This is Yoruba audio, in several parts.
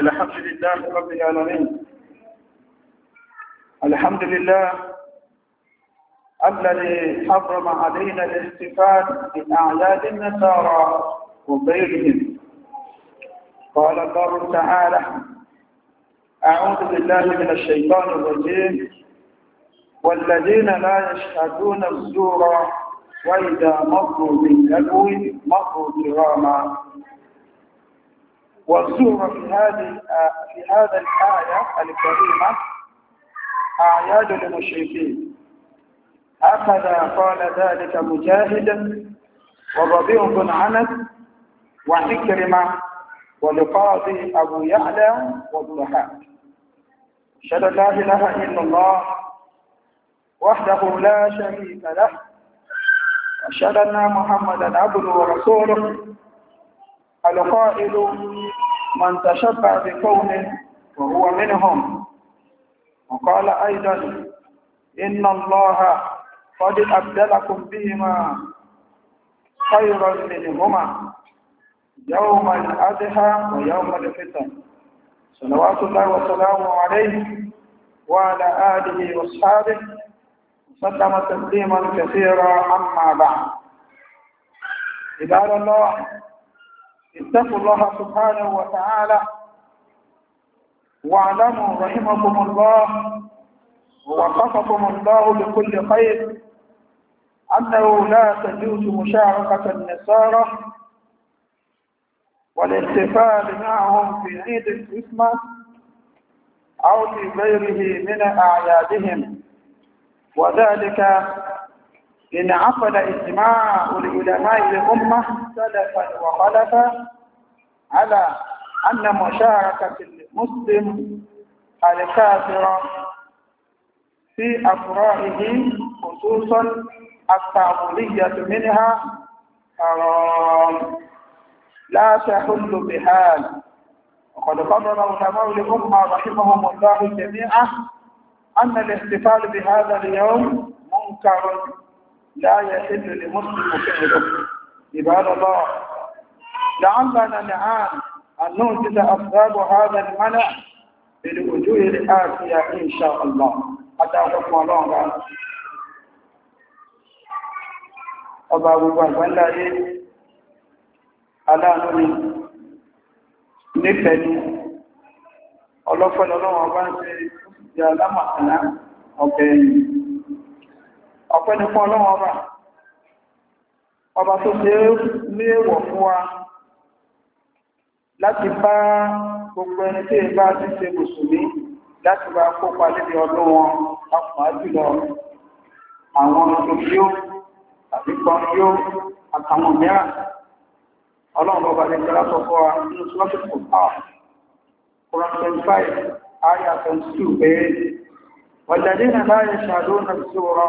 الحمد لله رب العالمين الحمد لله الذي حرم علينا الاحتفال بأعياد النصارى وغيرهم قال الله تعالى أعوذ بالله من الشيطان الرجيم والذين لا يشهدون الزور وإذا مروا بالنبو مروا كراما وزور في هذه آه، في هذا الآية الكريمة أعياد المشركين أخذ قال ذلك مجاهد وربيع بن عنس وعكرمة ولقاضي أبو يعلى والضحاك أشهد أن لا إله إلا الله وحده لا شريك له أشهد أن محمدا عبده ورسوله القائل من تشبع بكون وهو منهم وقال أيضا إن الله قد أبدلكم بهما خيرا منهما يوم الأضحى ويوم الفتن صلوات الله وسلامه عليه وعلى آله وأصحابه وسلم تسليما كثيرا أما بعد عباد الله اتقوا الله سبحانه وتعالى واعلموا رحمكم الله ووفقكم الله لكل خير أنه لا تجوز مشاركة النصارى والاحتفال معهم في عيد الكريسماس أو في غيره من أعيادهم وذلك إن عقد إجماع العلماء الأمة سلفا وخلفا على أن مشاركة المسلم الكافر في أفراحه خصوصا التعبدية منها حرام لا تحل بحال وقد قرر علماء الأمة رحمهم الله جميعا أن الاحتفال بهذا اليوم منكر لا يحل لمسلم فعله عباد الله لعلنا نعان أن ننجز أسباب هذا المنع بالوجوه الآتية إن شاء الله حتى حكم الله ọba gbogbo àgbàlá ayé aláàánúni bá ń ọ̀pẹ́ ni fún ọlọ́wọ́ ọba ọba tó ṣe léèwọ̀ fún wa láti bá gbogbo ẹni tí bá ti ṣe mùsùlùmí láti bá kópa níbi ọdún wọn apá jùlọ àwọn olùyó àti kọ́nyó àtàwọn mìíràn ọlọ́run ọba ní ìjọra sọ fún wa nínú sọ́lọ́sìkò náà Quran 25 ayah náà sí ọ̀rọ̀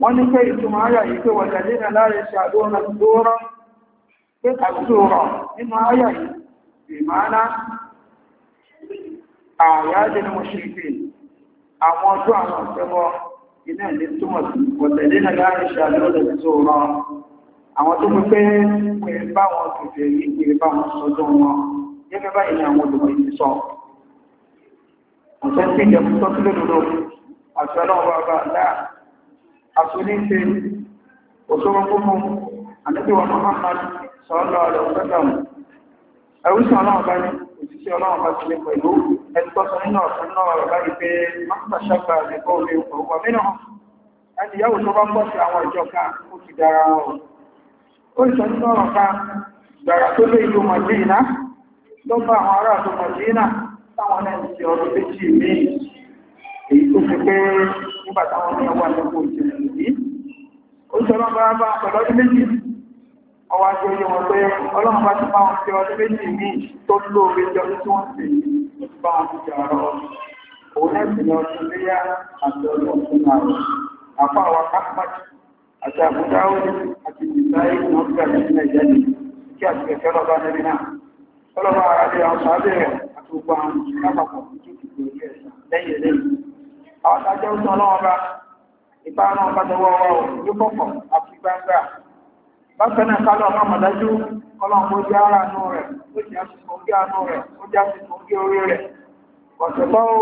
wọ́n ní pé ìtumọ̀ ayà yìí pé wọ̀n jàdé na láàrẹ ṣàdóra tóórọ́ pé àtúrọ̀ nínú ayà yìí ìmáná àyájẹ́ ni mo ṣe pé àwọn ọjọ́ àwọn ọ̀tẹ́wọ́ iná ilé túmọ̀ sí wọ̀n jàdé na ṣàdóra tóórọ́ àwọn tó mú pé pé bá wọn kìfẹ̀ yìí àtúníṣe òṣòro fúnfún àníbíwọ̀n Muhammad sọ́ọ́lọ́ rẹ̀ ọ̀sẹ́dàmù ẹ̀rùsùn ọlọ́run ní òṣìṣẹ́ ọlọ́run ti lè pẹ̀lú ẹgbọ́sọ nínú ọ̀sán náà rẹ̀ bá ìpé máta ṣàkà nìkọ́ orí nígbà táwọn ọmọ ẹwà lẹ́kọ̀ọ́ ìjìnlẹ̀ yìí ó sọ́rọ̀ bá bá pẹ̀lú ọdún méjì ọwọ́ àjọ yẹ wọn pé ọlọ́run bá ti bá wọn fi ọdún méjì ní tó lóore jọ ní tí wọ́n sì bá wọn fi jà rọ òun ẹ̀sìn ní ọdún léyà àti ọdún ọdún náà àpá àwọn kápájì àti àbúdá òní àti ìsáyé àwọn sàábẹ̀ àpapọ̀ tó ti lẹ́yìn lẹ́yìn àwọn àjẹ́ òṣù ọlọ́wọ́ bá ìbá náà bá tọwọ́ ọwọ́ ò ní pọ̀pọ̀ àti gbangba bákan náà kálọ̀ ọmọ mọ̀dájú ọlọ́run ó jẹ́ ara àánú rẹ̀ ó jẹ́ àsìkò ń gé àánú rẹ̀ ó jẹ́ àsìkò ń gé orí rẹ̀ ọ̀sẹ̀tọ́ ó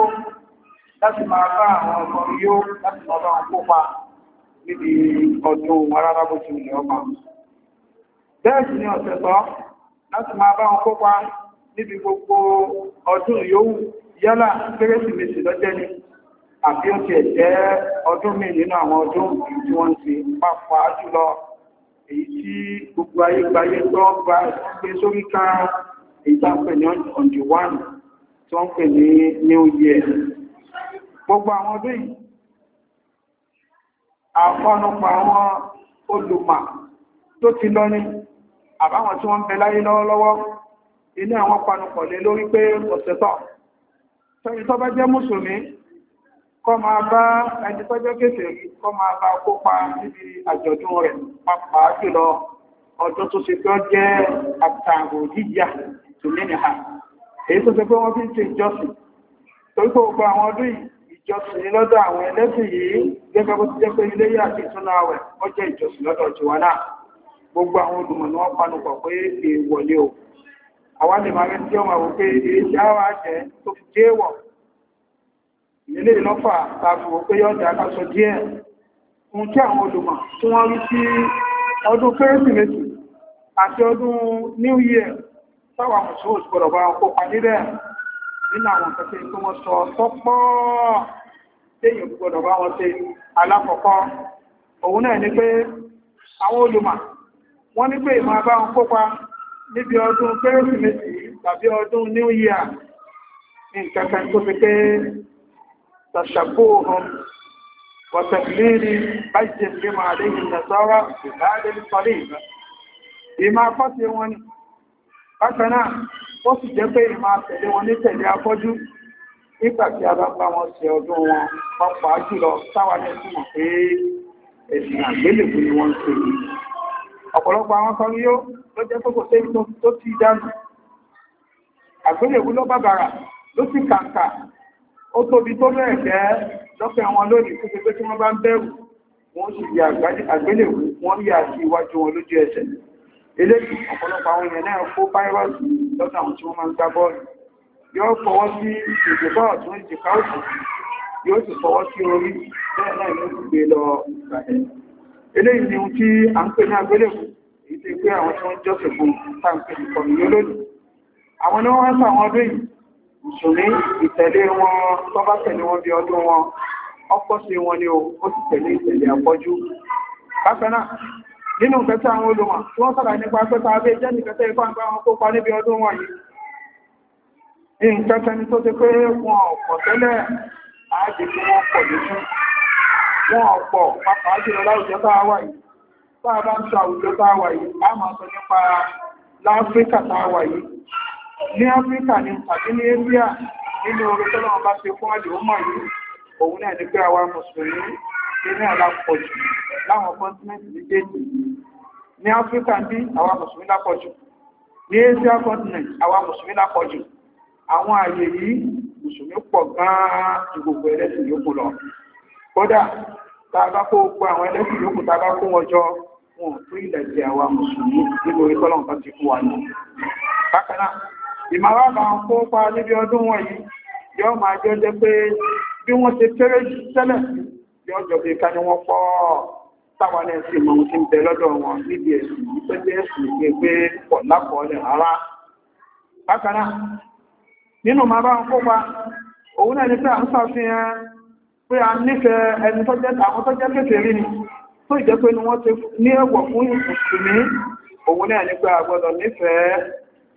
láti máa bá àwọn ọmọ yóò láti lọ́dọ̀ àwọn kópa níbi ọdún arára bó ti ilẹ̀ ọmọ bẹ́ẹ̀ sì ni ọ̀sẹ̀tọ́ láti máa bá wọn kópa níbi gbogbo ọdún yòówù yálà kérésìmesì lọ́jẹ́ ni àbí ó ti ẹ̀jẹ́ ọdún mi nínú àwọn ọdún tí wọ́n ti pàpà jùlọ èyí tí gbogbo ayé gbayé gbọ́ gba gbé sórí ká èyí tá ń pè ní on the one tí wọ́n ń pè ní new year gbogbo àwọn ọdún yìí àkọ́nùpa àwọn olùmọ̀ tó ti lọ ní àbáwọn tí wọ́n ń bẹ láyé lọ́wọ́lọ́wọ́ inú àwọn panupọ̀ lé lórí pé ọ̀sẹ̀ tọ́ sẹ́yìn tó bá jẹ́ mùsùlùmí kọ́ máa bá ẹni tọ́jọ́ kéfèé kọ́ máa bá kópa níbi àjọ̀dún rẹ̀ pàápàá jùlọ ọdún tó ṣe tó jẹ́ àtàrò jíjà tó nínú ha èyí tó ṣe pé wọ́n fi ń ṣe ìjọsìn torí pé gbogbo àwọn ọdún ìjọsìn ní lọ́dọ̀ àwọn ẹlẹ́sìn yìí gẹ́gẹ́ bó ti jẹ́ pé ilé yà sí túnú àwẹ̀ ó jẹ́ ìjọsìn lọ́dọ̀ tiwa náà gbogbo àwọn olùmọ̀ ni wọ́n panupọ̀ pé èèwọ̀ ni o àwa lè máa rẹ́ tí ọmọ àwọn pé èyí ṣáwá jẹ́ tó fi dé wọ̀ ilé lọ́fà tàbí pé yọ́dá aláṣọ díẹ̀ ohun tí àwọn olùmọ̀ tí wọ́n rí sí ọdún kérésìmesì àti ọdún new year sáwà mùsùlùmí gbọ́dọ̀ bá kópa níbẹ̀ nínú àwọn kẹfẹ́ tó wọ́n sọ tọ́pọ́ téèyàn gbọ́dọ̀ bá wọn ṣe alákọ̀ọ́kọ́ òun náà ni pé àwọn olùmọ̀ wọ́n ní pé ìmọ̀ bá wọn kópa níbi ọdún kérésìmesì tàbí ọdún new year nǹkan kan tó fi pé تشبههم وتقليل حج بما عليه النصارى في هذه الطريقة ìmá pàṣẹ wọn ni bákanáà ó sì jẹ́ pé ìmá tẹ̀lé wọn ní tẹ̀lé afọ́jú nígbàtí a bá bá wọn ṣe ọdún wọn pàápàá jùlọ sáwà ní ìtumọ̀ pé ẹ̀sìn àgbélébù ni wọ́n ń ṣe yìí ọ̀pọ̀lọpọ̀ àwọn kan yóò ló jẹ́ kókò tẹ́yìn tó ti dánù àgbélébù ló bàbàrà ló sì kàǹkà ó tóbi tó bẹ̀rẹ̀ jẹ́ lọ́pẹ́ wọn lónìí tó pé tí wọ́n bá ń bẹ̀rù wọ́n sì yà àgbélèwú wọ́n yà sí iwájú wọn lójú ẹsẹ̀ eléyìí ọ̀pọ̀lọpọ̀ àwọn èèyàn náà kó fáírọ́ọ̀sì lọ́dọ̀ àwọn tí wọ́n máa ń gbá bọ́ọ̀lù yóò fọwọ́ sí ìjìká ọ̀tún ìjìká òkú yóò sì fọwọ́ sí orí bẹ́ẹ̀ náà yóò sì gbé lọ ìgbàlẹ̀ eléyìí ni ohun tí a ń pè ní agbélèkù èyí tí pé àwọn tí wọ́n jọ́sìn fún táǹkì ìkọ̀mí yóò lónìí àwọn ni wọ́n wá sọ àwọn ọdún yìí mùsùlùmí ìtẹ̀lé wọn tó bá tẹ̀lé wọn bí ọdún wọn ọpọ́ sí wọn ni ó ti tẹ̀lé ìtẹ̀lé àpọ́jú bákaná nínú kẹta àwọn olùmọ̀ tí wọ́n sára nípa pẹ́ta abẹ́ jẹ́ nìkẹta ikọ́ àgbà wọn kópa níbi ọdún wọn yìí nǹkan ni tó ti pé wọn ọ̀pọ̀ tẹ́lẹ̀ ààjì tí wọ́n pọ̀ lójú wọn ọ̀pọ̀ pàpàá jùlọ láwùjọ tá a wà yìí tá a bá ń sọ àwùjọ tá a wà yìí a máa sọ nípa láfíríkà tá a wà yìí ní áfíríkà ní tàbí ní ẹ́bíà nínú orí tọ́lọ́wọ́ bá ti fún àjò mọ̀ yìí òun náà ní pé àwa mùsùlùmí nínú àlápọ̀jù láwọn kọ́ntínẹ̀tì méjèèjì ní áfíríkà ní àwa mùsùlùmí lápọ̀jù ní asia continent àwa mùsùlùmí lápọ̀jù àwọn àyè yìí mùsùlùmí pọ̀ gan-an ju gbogbo ẹlẹ́sìn yòókù lọ kódà tá a bá kó gbogbo àwọn ẹlẹ́sìn yòókù tá a bá kó wọn jọ wọn ò tún ilẹ̀ jẹ àwa mùsùlùmí nítorí ìmọ̀rábà ń kó pa níbi ọdún wọ̀nyí yóò máa jọ jẹ́ pé bí wọ́n ti kéré jù tẹ́lẹ̀ yóò jọ ká ní wọ́n pọ̀ táwọn ẹ̀ sì mọ̀ ń bẹ lọ́dọ̀ wọn níbi ẹ̀sùn pẹ́jẹ́ pọ̀ lápọ̀ọ́lẹ̀ rárá bákan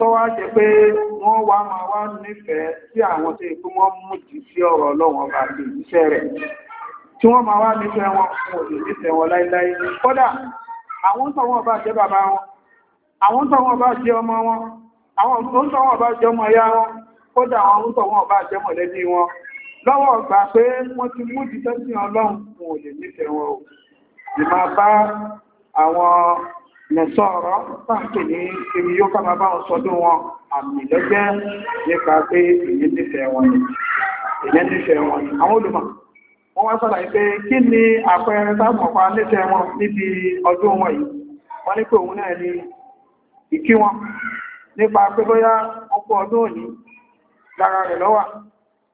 tó wá jẹ́ pé wọ́n wá máa wá nífẹ̀ẹ́ sí àwọn tó yẹ pé wọ́n mú jù sí ọ̀rọ̀ ọlọ́wọ́n bá lè iṣẹ́ rẹ̀ tí wọ́n máa wá nífẹ̀ẹ́ wọn fún òye nífẹ̀ẹ́ wọn láíláí kódà àwọn tó wọ́n bá jẹ́ bàbá wọn àwọn tó wọ́n bá jẹ́ ọmọ wọn àwọn tó wọ́n bá jẹ́ ọmọ ìyá wọn kódà àwọn tó wọ́n bá jẹ́ mọ̀lẹ́bí wọn lọ́wọ́ ọ̀gbà pé wọ́n ti mú jù sẹ́sìn ọlọ́run fún òye nífẹ̀ẹ́ wọn ò nẹ̀sọ́ọ̀rọ̀ pàtàkì ní ibi yóò kọ́ bàbá wọn sọdún wọn àmì lọ́jẹ́ nípa pé èyí nífẹ̀ẹ́ wọn ni èyí nífẹ̀ẹ́ wọn ni àwọn olùmọ̀ wọ́n wá sọ́lá pé kí ni àpẹẹrẹ sáàmọ̀pá nífẹ̀ẹ́ wọn níbi ọdún wọn yìí wọ́n ní pé òun náà ni ìkí wọn nípa pé bóyá ọkọ̀ ọdún òní lára rẹ̀ lọ́wà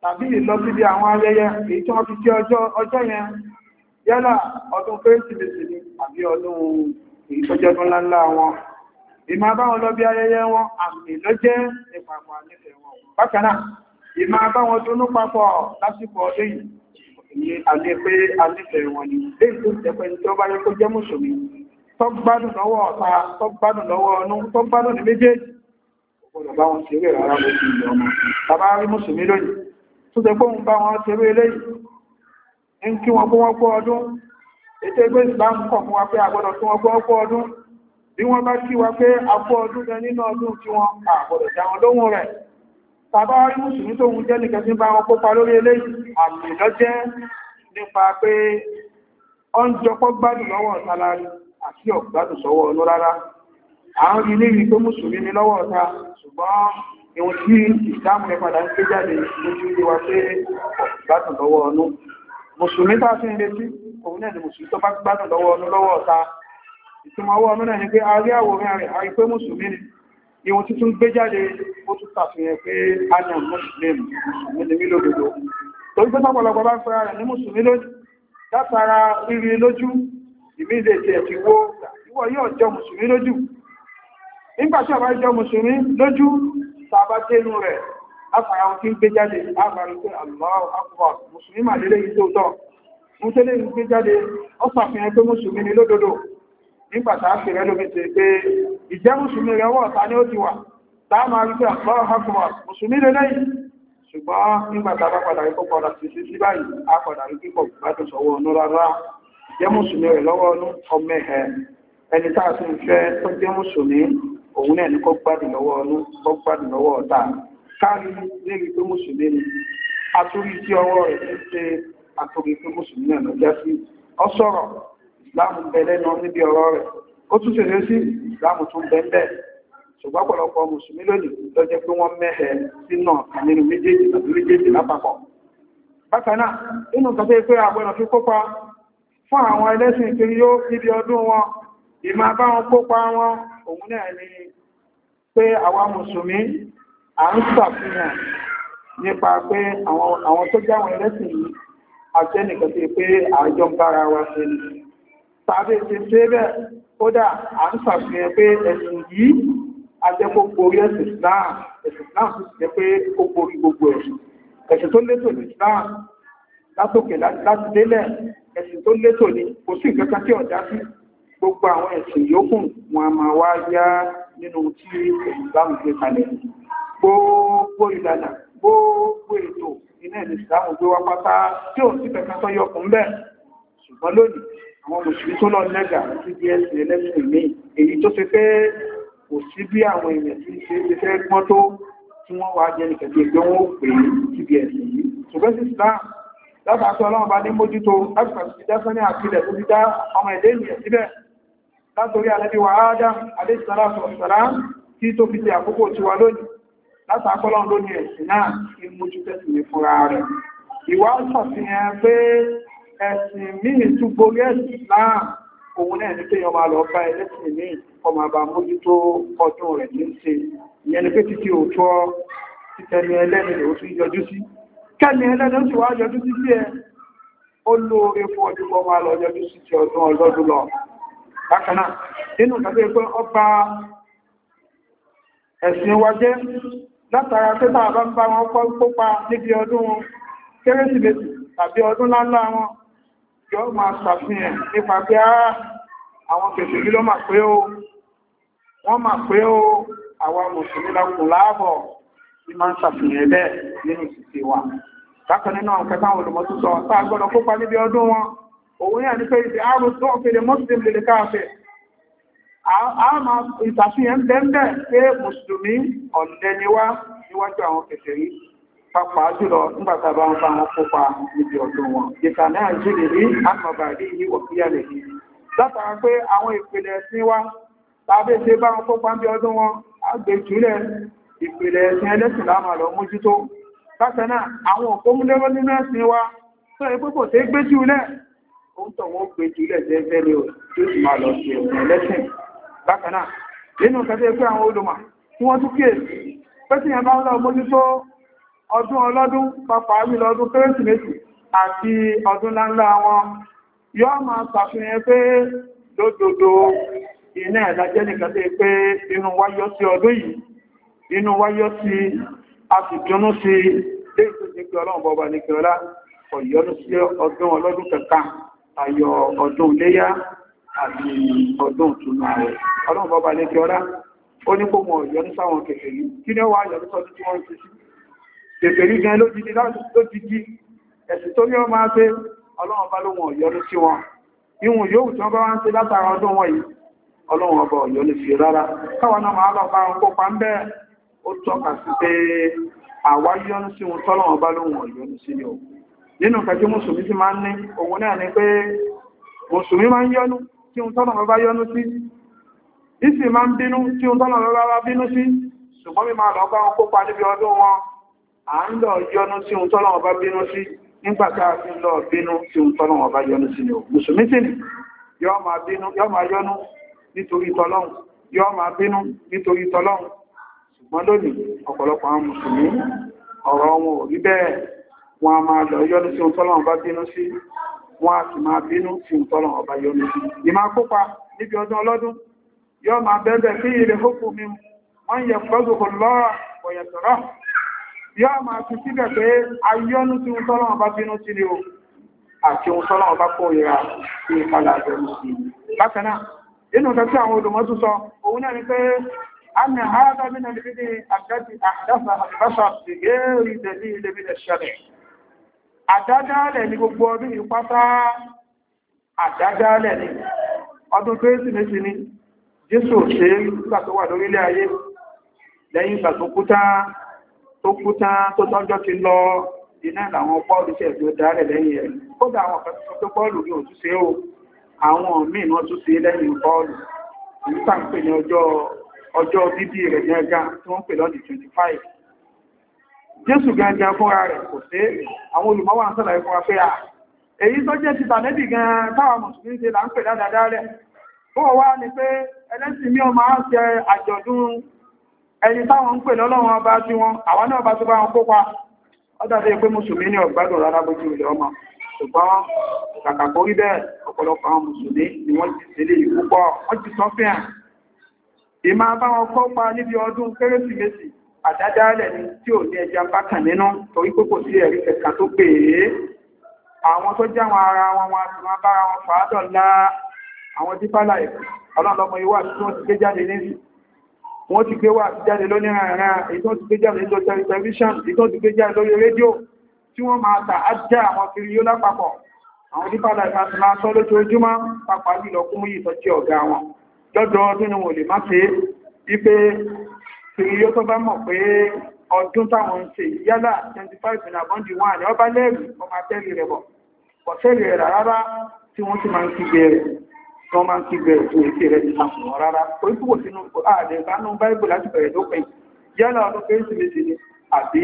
tàbí ìlọ síbi àwọn ayẹyẹ èyí tí wọ́n fi jẹ́ ọjọ́ yẹn yálà ọdún kérésìmesì ni àbí ọdún èyí tó jẹ́ fún láńlá wọn ìmá báwọn lọ bí ayẹyẹ wọn àmì ló jẹ́ nípapọ̀ ànífẹ́ wọn bákan náà ìmá báwọn tó ní papọ̀ lásìkò ọdún yìí àní pé ànífẹ́ wọn ni léyìí tó jẹ́ pẹ́ni tó bá yẹ kó jẹ́ mùsùlùmí tó gbádùn lọ́wọ́ ọ̀tá tó gbádùn lọ́wọ́ ọnú tó gbádùn ní méjèèjì ọ̀pọ̀lọ̀ bá wọn ṣeré rárá mo ti lọ ọmọ bàbá rí mùsùlùmí lónìí tó jẹ́ pé òun bá wọn ṣeré eléyìí ń kí wọn kó wọn kó ọdún ètò ẹgbẹ́ ìsìlámù kọ̀ fún wa pé àgbọ́dọ̀ tí wọ́n gbọ́ ọdún bí wọ́n bá kí wa pé akọ ọdún gan nínú ọdún tí wọ́n àgbọ́dọ̀ já wọn lóhun rẹ̀ tàbá rí mùsùlùmí tó wù jẹ́ nìkan tí bá wọn kópa lórí eléyìí àmì lọ́jẹ́ nípa pé ọ́njọpọ́ gbádùn lọ́wọ́ ọ̀tala àti ọ̀gbádùn sọ́wọ́ ọ̀nú rárá à ń rí ní mùsùlùmí ni lọ́wọ́ ọ̀ta ṣùgbọ́n ìwọ̀n tí ìsìlámù rẹ̀ padà ń gbé jáde lójú wa pé ọ̀gbádùn lọ́wọ́ ọ̀nú mùsùlùmí tá sí ń retí òun náà ni mùsùlùmí tó bá gbádùn lọ́wọ́ ọdún lọ́wọ́ ọ̀ta ìtumọ̀ ọwọ́ ọdún náà ni pé arí àwòrán rẹ̀ àrí pé mùsùlùmí ni ìwọ̀n títún gbé jáde ó tún tàfihàn pé a ní mùsùlùmí mùsùlùmí ni mí lódodo torí pé tọ́pọ̀lọpọ̀ bá fẹ́ra rẹ̀ ní mùsùlùmí lójú látara rírí lójú ìmí lè tiẹ̀ ti wó ìwọ yóò jọ mùsùlùmí lójú nígbà tí ọba jọ mùsùlùmí lójú tàbá dénú rẹ̀ àtàrà wọn tí ń gbé jáde àbárí pé Allahu Akbar mùsùlùmí mà lélẹ́ yìí lóòótọ́ mú tẹ́lẹ̀ ń gbé jáde ó sàfihàn pé mùsùlùmí ni lódodo nígbàtà á fèrè lómi tẹ pé ìjẹ́ mùsùlùmí rẹ̀ wọ̀ ta ni ó ti wà tá a máa rí pé Allahu Akbar mùsùlùmí lélẹ́ yìí ṣùgbọ́n nígbàtà bá padà rí kó padà sí sí sí báyìí á padà rí kíkọ̀ gbádùn sọ́wọ́ ọ̀nà rárá jẹ́ mùsùlùmí rẹ̀ lọ́wọ́ ọ̀nà ọmọ ẹ̀hẹ́ ẹni tá a ń fẹ́ tó jẹ́ mùsùlùmí òun náà ni kó gbádùn lọ́wọ́ ọ̀nà kó gbádùn lọ́wọ́ ọ̀tá kárí lérí pé mùsùlùmí ni àtúrí tí ọwọ́ rẹ̀ ti ṣe àtúrí pé mùsùlùmí náà lọ́jà sí ọ sọ̀rọ̀ ìsìláàmù bẹ lẹ́nu níbi ọ̀rọ̀ rẹ̀ ó tún ṣèlérí sí ìsìláàmù tún bẹ́ẹ̀ bẹ́ẹ̀ ṣùgbọ́n ọ̀pọ̀lọpọ̀ mùsùlùmí lónìí lọ́jẹ́ pé wọ́n mẹ́hẹ̀ sínú ọ̀kan nínú méjèèjì tàbí méjèèjì lápapọ̀ bákan náà nínú kan tó pé àgbẹ̀nà fi kópa fún àwọn ẹlẹ́sìn kiri yóò níbi ọdún wọn ìmọ̀ bá kópa wọn òun náà ni pé àwa mùsùlùmí à ń ṣàfihàn nípa pé àwọn tó jáwọn ẹlẹ́sìn yìí àtẹ́nìkan ti pé àjọ ń bára wa ṣe ni tàbí ti ṣe bẹ́ẹ̀ kódà à ń ṣàfihàn pé ẹ̀sìn yìí ajẹ́kó borí ẹ̀sìn Islam ẹ̀sìn Islam sì jẹ́ pé ó borí gbogbo ẹ̀sìn ẹ̀sìn tó létò ní Islam látòkè láti délẹ̀ ẹ̀sìn tó létò ní kò sí ìkẹ́kẹ́ tí ọ̀dá sí gbogbo gbogbo ìlànà gbogbo ètò iná ìlú ìsìlámù gbé wá pátá tí ò sí kankan tó yọkùn bẹ́ẹ̀ ṣùgbọ́n lónìí àwọn mùsùlùmí tó lọ lẹ́gà sí dsc ẹlẹ́sìn mi èyí tó ṣe pé kò sí bí àwọn èèyàn tí ṣe ṣe fẹ́ gbọ́n tó tí wọ́n wá jẹ́ nìkẹ̀kẹ́ pé wọ́n pè é dsc yìí ṣùgbọ́n sí islam lábàá tí ọlọ́run bá ní mójútó láti pàṣẹ dáfẹ́ ní àkílẹ̀ tó ti dá ọmọ ẹ̀dẹ́ ènìyàn síbẹ̀ látòrí alẹ́bí wa áádá adéṣàlá sọ̀rọ̀ sàrá tí tó fi ṣe àkókò tiwa lónìí látàkọ́lọ́ ló ní ẹ̀sìn náà ní mójú tẹ́sì ní fúnra rẹ̀ ìwà ń sọ̀fihàn pé ẹ̀sìn míì tún borí ẹ̀sìn náà òun náà ní pé ọmọ àlọ́ bá ẹlẹ́sìn ní ọmọ àbá mójútó ọdún rẹ̀ ní ṣe ìyẹn ni pé títí òótọ́ títẹni ẹlẹ́ni ló tún yọjú sí kẹ́ni ẹlẹ́ni ó sì wá yọjú sí sí ẹ ó lóore fún ọdún ọmọ àlọ́ yọjú sí ti ọdún ọlọ́dún lọ bákan náà nínú ìgbàgbé pé ọba ẹ̀sìn wa jẹ́ látara pé bá bá ń bá wọn kọ́ pópa níbi ọdún kérésìmesì tàbí ọdún lálá wọn yóò máa ṣàfihàn nípa pé á àwọn kèfèrí ló máa pé ó wọ́n máa pé ó àwa mùsùlùmí lákùn láàbọ̀ ní máa ń ṣàfihàn ẹ̀lẹ́ nínú ìsìnkú wa bákan nínú àwọn kẹta àwọn olùmọ̀ tuntun a gbọ́dọ̀ kópa níbi ọdún wọn òun yà ní pé ìdí àrùn tó ọ̀fẹ́lẹ̀ mọ́sílẹ̀ lè káàfẹ́ àmà ìtàfihàn bẹ́ẹ̀bẹ̀ pé mùsùlùmí ọ̀lẹ́ ni wá níwájú àwọn kèfèrí pápá jùlọ nígbàtà bá ń bá wọn kópa níbi ọ̀dọ̀ wọn ìta náà jìlì rí àmọ̀bà rí ní òkúyàlẹ̀ yìí látara pé àwọn ìpìlẹ̀ sí wá tàbí ṣe bá wọn kópa bí ọdún wọn agbèjúlẹ̀ ìpìlẹ̀ ẹ̀sìn ẹlẹ́sìn láàmà lọ mójútó bákanáà àwọn òpómúlẹ́rọ́ nínú ẹ̀sìn wa tó ẹgbẹ́ kò tẹ́ gbéjúlẹ̀ bákan náà nínú kẹfẹ́ pé àwọn olùmọ̀ tí wọ́n tún kíyè pé tí yẹn bá ń lọ mójútó ọdún ọlọ́dún pàápàá rí lọ́dún kérésìmesì àti ọdún láńlá wọn yóò máa ṣàfihàn pé lódodo iná ẹ̀lájẹ́ nìkan tó pé inú wáyọ́ sí ọdún yìí inú wáyọ́ sí àfìjọ́nú sí léèkó ní pé ọlọ́run bọ́ba ní ọdún léyá àti ọdún túnú ààrẹ ọlọ́run bọ́ba lè fi ọlá ó ní kó wọn yọ ní sáwọn kèfèrí kí ní wà yọ lọ́tọ́ tí wọ́n ti sí kèfèrí gan ló didi ló didi ẹ̀sìn tó ní ọ máa ṣe ọlọ́run bá lóhun ọ̀yọ́nú sí wọn ìhun yóò tí wọ́n bá wá ń ṣe látara ọdún wọn yìí ọlọ́run ọba ọ̀yọ́nú sí rárá káwọn náà máa lọ bá wọn kópa ń bẹ́ẹ̀ ó tọ́ka sí pé àwa yọ́nú sí wọn tọ́lọ́run bá lóhun ọ̀yọ́nú sí ni o nínú nǹkan tí mùsùlùmí ti máa ń ní òun náà ni pé mùsùlùmí máa ń yọ́nú tí wọn tọ́lọ́run bá yọ́nú sí ìsì máa ń bínú tí ó tọ́nà lọ́rọ̀ wá bínú sí ṣùgbọ́n mi máa lọ bá wọn kópa níbi ọdún wọn à ń lọ yọnu tí ó tọ́nà ọba bínú sí nígbàtà fi lọ bínú tí ó tọ́nà ọba yọnu sí ni ó mùsùlùmí sì ni yọ́ máa yọnu nítorí tọ́lọ́hun yọ́ máa bínú nítorí tọ́lọ́hun ṣùgbọ́n lónìí ọ̀pọ̀lọpọ̀ àwọn mùsùlùmí ọ̀rọ̀ wọn ò rí bẹ́ẹ̀ wọn a máa lọ yọnu tí ó tọ́nà ọba bínú sí wọn a sì máa bínú tí ó tọ́nà ọba yọnu sí ni kópa níbi ọdún ọlọ́dún yóò máa bẹ́ẹ̀bẹ̀ sí ilé hókù mi wọ́n yẹ fọ́dùkù lọ́rọ̀ ọ̀yẹ̀sọ̀rọ̀ yóò máa fi síbẹ̀ pé ayọ́nú tí ń tọ́lọ́ ọba bínú sí ni o àti ohun tọ́lọ́ ọba kó ìra sí ìkàlà àbẹ̀rù sí bákan náà inú kan tí àwọn olùmọ́tú sọ òun náà ni pé a ní àádọ́ mínà lè bídí àdájì àdásà àdásà sí gẹ́rì ìdẹ̀lì ilé bídẹ̀ ṣẹlẹ̀ àdádálẹ̀ ni gbogbo ọdún ìpátá àdádálẹ̀ ni ọdún kérésìmesì ni Jésù ṣe nígbà tó wà lórílẹ̀ ayé lẹ́yìn ìgbà tó kútá tó tọ́jọ́ ti lọ iná àwọn pọ́ọ̀lù ṣe ìjọ dáre lẹ́yìn ẹ̀ kódà àwọn kan tó pọ́ọ̀lù ní sí o àwọn míì wọ́n tún lẹ́yìn pọ́ọ̀lù ní ọjọ́ tí wọ́n pè 25 Jésù fúnra rẹ̀ kò sí àwọn olùmọ́wà ń sọ̀rọ̀ pé à èyí tó jẹ́ ti gan táwọn mùsùlùmí ṣe là ń Fún ọwá ni pé ẹlẹ́sìn mi ọmọ á ṣe àjọ̀dún ẹni táwọn ń pè lọ́lọ́run ọba tí wọn, àwọn náà bá tó bá wọn kópa. Ọ́dàdé pé Mùsùlùmí ní ọ̀gbádùn rárá bójú ilẹ̀ ọmọ. Ṣùgbọ́n kàkà kó rí bẹ́ẹ̀ ọ̀pọ̀lọpọ̀ àwọn Mùsùlùmí ni wọ́n ti ṣe lè púpọ̀, wọ́n ti sọ fíhàn. Ìmá bá wọn kópa níbi ọdún Kérésìmesì àdádálẹ̀ ni tí ò ní ẹja bákan nínú torí pé kò sí ẹ̀rí kẹ̀kà tó pè é. Àwọn tó jáwọn ara wọn wọn àti wọn bára wọn fàádọ̀ láà àwọn dípálà ẹ̀kù ọlọ́lọ́mọ ìwà tí wọ́n ti gbé jáde níbi wọ́n ti gbé wà ti jáde lónìrànrà èyí tó ti gbé jáde lórí tẹlifíṣàn èyí tó ti gbé jáde lórí rédíò tí wọ́n máa tà á já àwọn kiri yóò lápapọ̀ àwọn dípálà ẹ̀kù àti máa sọ lójoojúmọ́ pàpà lílọ kún yìí tó jẹ́ ọ̀gá wọn lọ́dọọdún ni wọ́n lè má ṣe wípé kiri yóò tó bá mọ̀ pé ọdún táwọn ń ṣe yálà 25 ní àbọ́ndì wọn àní ọba lẹ́rù ọmọ atẹ́rì rẹ̀ bọ̀ kọ̀tẹ́rì ti máa rẹ̀ tó máa ń ti bẹ̀rẹ̀ tó ètè rẹ̀ ìtàkùn rárá orí tó wò sínú ààrẹ ìbánú báìbù láti bẹ̀rẹ̀ lópin yálà ọdún kérésìmesì ni àbí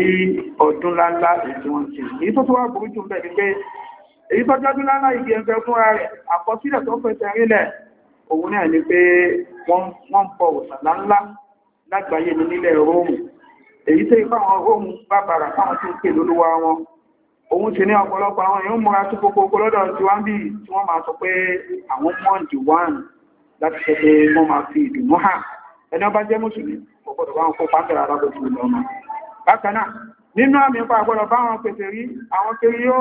ọdún láńlá èyí wọ́n ti èyí tó tó wá burú jù ń bẹ̀rẹ̀ pé èyí tó jọ́dún láńlá ibi ẹgbẹ́ fúnra rẹ̀ àkọsílẹ̀ tó fẹsẹ̀ rílẹ̀ òun náà ni pé wọ́n bọ òsà òun ti ní ọ̀pọ̀lọpọ̀ àwọn èèyàn múra tó kókó kólọ́dọ̀ tí wọ́n bí tí wọ́n máa sọ pé àwọn mọ́ǹdì wọ́n láti ṣe pé wọ́n máa fi ìdùnnú hàn ẹni ọba jẹ́ mùsùlùmí ọgbọ̀dọ̀ bá wọn kó pàtàkì alábò tó lọ ọmọ bákan náà nínú àmì ipa àgbọ̀dọ̀ bá wọn pèsè rí àwọn kiri yóò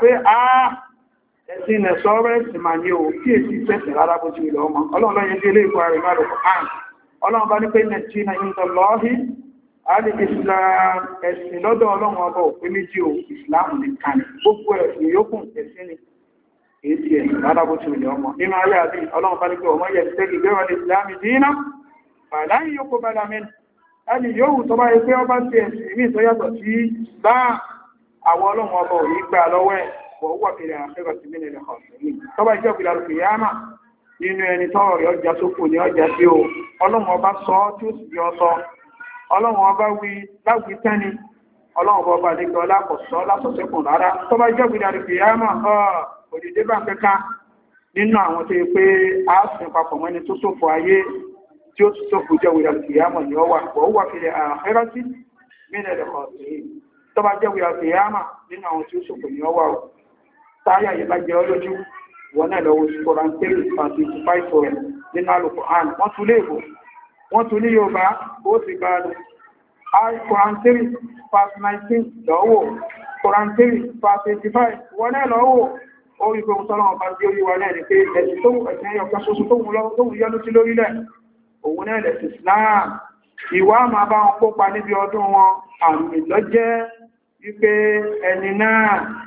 àgbọ̀dọ̀ bá ẹ̀sìn ilẹ̀ sọ́rẹ́sì mà ní o kí èsì tẹ̀sẹ̀ rárá bó ti ilẹ̀ ọmọ ọlọ́run lọ́yìn délé ìkó ààrẹ máa lòkù hàn ọlọ́run bá ní pé nẹ̀tí na ìyìn lọ́ọ́hí àdì islam ẹ̀sìn lọ́dọ̀ ọlọ́run ọba òpin islam ni èsì ẹ̀sìn rárá bó ti ilẹ̀ ọmọ nínú ayé àbí ọlọ́run bá ní pé islam dínà fàlàyé yókù bàdà mẹ́n ẹni yóò tó bá yẹ pé ọba ti ẹ̀sìn mí tó yàtọ̀ wọ́wọ́ fi rẹ̀ àfẹ́rọ̀ sí mílẹ̀ lẹ́kọ̀ sí tọ́bà ìjọ ìpìlẹ̀ àrùkù yáàmà nínú ẹni tọ́rọ̀ rẹ̀ ọjà sókò ní ọjà sí o ọlọ́run ọba sọ tí ó sì yọ ọsọ ọlọ́run ọba wí láwùí tẹ́ni ọlọ́run ọba nígbà ọlákọ̀sọ lásọ̀sẹ́kùn rárá tọ́bà ìjọ ìpìlẹ̀ àrùkù yáàmà òdìdé bá kẹ́kà nínú àwọn tó yẹ pé a sìn papọ̀ mọ́ni tó sòfò ayé tí ó sòfò jẹ́ ìwé àrùkù yáàmà ni ọ wà wọ́wọ́ fi rẹ̀ àfẹ́rọ̀ sí mílẹ̀ lẹ́kọ̀ sí nínú àwọn tí ó sòfò ni ọ wà táyà yìí bá jẹ ọ lójú wọn náà lọ́wọ́ sọ́ran tẹ́lẹ̀ pàṣẹ ìfipáì sọ̀rọ̀ nínú àlùkò àn wọ́n tún léèbò wọ́n tún ní yorùbá ó sì bá a lọ Quran 3 verse 19 lọ́wọ́ Quran 3 verse 85 wọ́n náà lọ́wọ́ orí pé òun tọ́lọ́wọ́ bá tí ó yíwa náà ní pé ẹ̀sìn tó ẹ̀sìn ẹyọ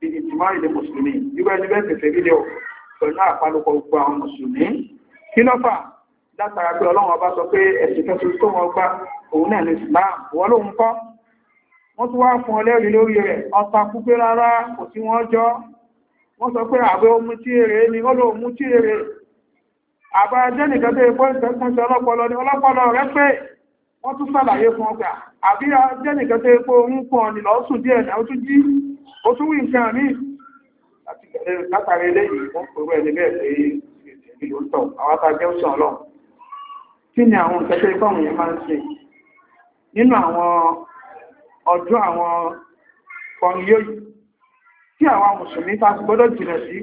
bí ìtìmá ilé mùsùlùmí irú ẹni bẹ́ẹ̀ fẹ̀fẹ̀ rí lẹ́ọ̀ pẹ̀lú àpalùkọ gbogbo àwọn mùsùlùmí kí ló fà látara pé ọlọ́run ọba sọ pé ẹ̀sìn kẹsùn tó wọn gbà òun náà ní Islam wọ́n lóun kọ́ wọ́n tún wá fún ọlẹ́rìí lórí rẹ̀ ọta púpé rárá kò tí wọ́n jọ wọ́n sọ pé àbẹ́ omi tí èrè ni wọ́n lóun mú tí èrè àbá jẹ́ nìkan tó epo ìfẹ́kùn sí ọlọ́pọlọ ni ọlọ́pọlọ rẹ̀ pé wọ́n tún sàlàyé fún ọgbà àbí jẹ́ tó epo ń pọ̀ nìlọ́sùn díẹ̀ náà tún jí ó tún wí nǹkan àmì látàrí eléyìí wọ́n pẹ̀lú ẹni bẹ́ẹ̀ pé tí àwọn mùsùlùmí ta sì gbọ́dọ̀ jìnà sí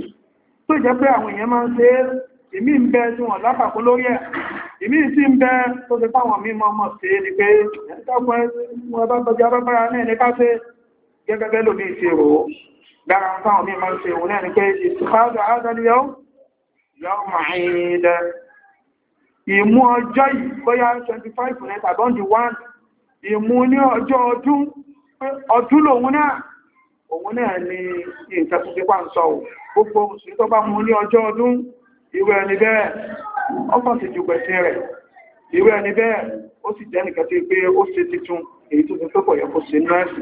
tó jẹ́ pé àwọn èèyàn máa ń ṣe ìmí ń bẹ tí wọ́n lápapọ̀ lórí ẹ̀ ìmí sí ń bẹ tó ti fáwọn mímọ́ mọ̀ sí ni pé gẹ́gẹ́ bẹ́lò bí ṣe rò ó lára ń fáwọn mímọ̀ ṣe òun náà ni pé ìtìkáàdà ádàlíyàó yàó máa ń dẹ ìmú ọjọ́ yìí 25 ní tàbí 1 ìmú ní ọjọ́ ọdún pé ọdún lòun náà òun náà ni nǹkan ń sọ gbogbo mùsùlùmí bá mú ní ọjọ́ ọdún irú ẹni bẹ́ẹ̀ ọkọ̀ sì ju pẹ̀sẹ̀ rẹ̀ irú ẹni bẹ́ẹ̀ ó sì jẹ́ nìkan tí pé ó ṣe titun èyí tó fi pẹ́pọ̀ yẹ kó ṣe nọ́ẹ̀sì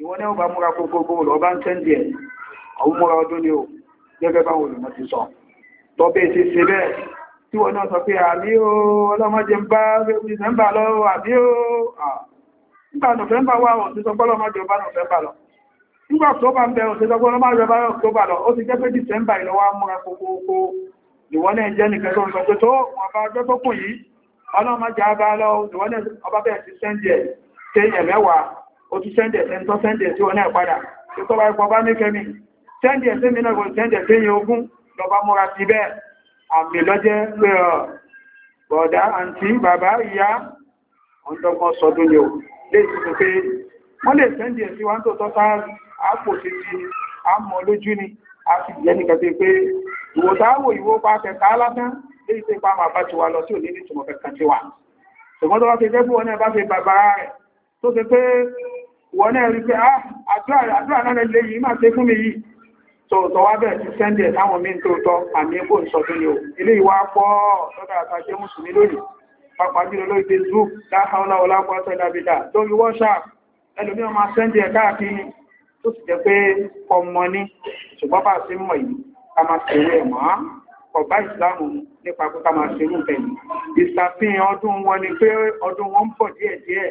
ìwọ́n ní ọba múra gbogbogbò ọba ń tẹ́ndì ẹ̀ ọ̀hún múra ọdún ni ó gẹ́gẹ́ bá wọn olùmọ̀ ti sọ tọ́bẹ̀ ti ṣe bẹ́ẹ̀ tí wọ́n náà sọ pé àmì ó ọlọ́mọdé ń bá December lọ àmì ó nígbà November wà ó ti sọ pé ọlọ́mọdé ọba November lọ nígbà October ń bẹ ó ti sọ pé ọlọ́mọdé ọba October lọ ó ti jẹ́ pé December ìlọ́wọ́ múra gbogbogbò ìwọ́n náà jẹ́ nìkan tó ń sọ pé tó wọn bá gbẹ́ fókùn yìí ọlọ́mọdé ọba lọ ìwọ́n náà ọba bẹ́ẹ̀ ti sẹ́ńdì ẹ̀ tẹ́yìn mẹ́wàá ó ti sẹ́ndẹ̀ ẹ̀ntọ́ sẹ́ndẹ̀ tí wọ́n náà padà tí tọ́ bá ipọ̀ bá mẹ́kẹ́mi sẹ́ndẹ̀ sí mi náà kò sẹ́ndẹ̀ sí yẹn ogún lọ́bá múra sí bẹ́ẹ̀ àmì lọ́jẹ́ pé bọ̀dá àǹtí bàbá ìyá ọ̀dọ́gbọ́n sọdún yóò lè sọ pé wọ́n lè sẹ́ndẹ̀ sí wa ń tó tọ́ta ti ni a sì jẹ́ wa lọ sí òní ní ìtumọ̀ kẹta ti pé wọ́n náà rí pé ah, àdúrà náà lè yìí máa ṣe fún mi yìí tọ̀ọ̀tọ̀ wá bẹ̀rẹ̀ sí sẹ́ndẹ̀ táwọn mí tó tọ́ àmì kò ń sọdún ni o ilé ìwà pọ̀ lọ́dọ̀ àtàjẹ́ mùsùlùmí lónìí pàápàá jùlọ lórí facebook láhàúnlá ọlápọ̀ tẹ́lábìdà lórí whatsapp ẹlòmí ọmọ sẹ́ndẹ̀ káàkiri tó sì jẹ́ pé ọmọ ní ṣùgbọ́n bá sí mọ̀ yìí ká máa ṣerú ẹ̀ mọ́ ọba ìsìláàmù nípa pé ọdún wọn ni pé ọdún wọn ń bọ̀ díẹ̀díẹ̀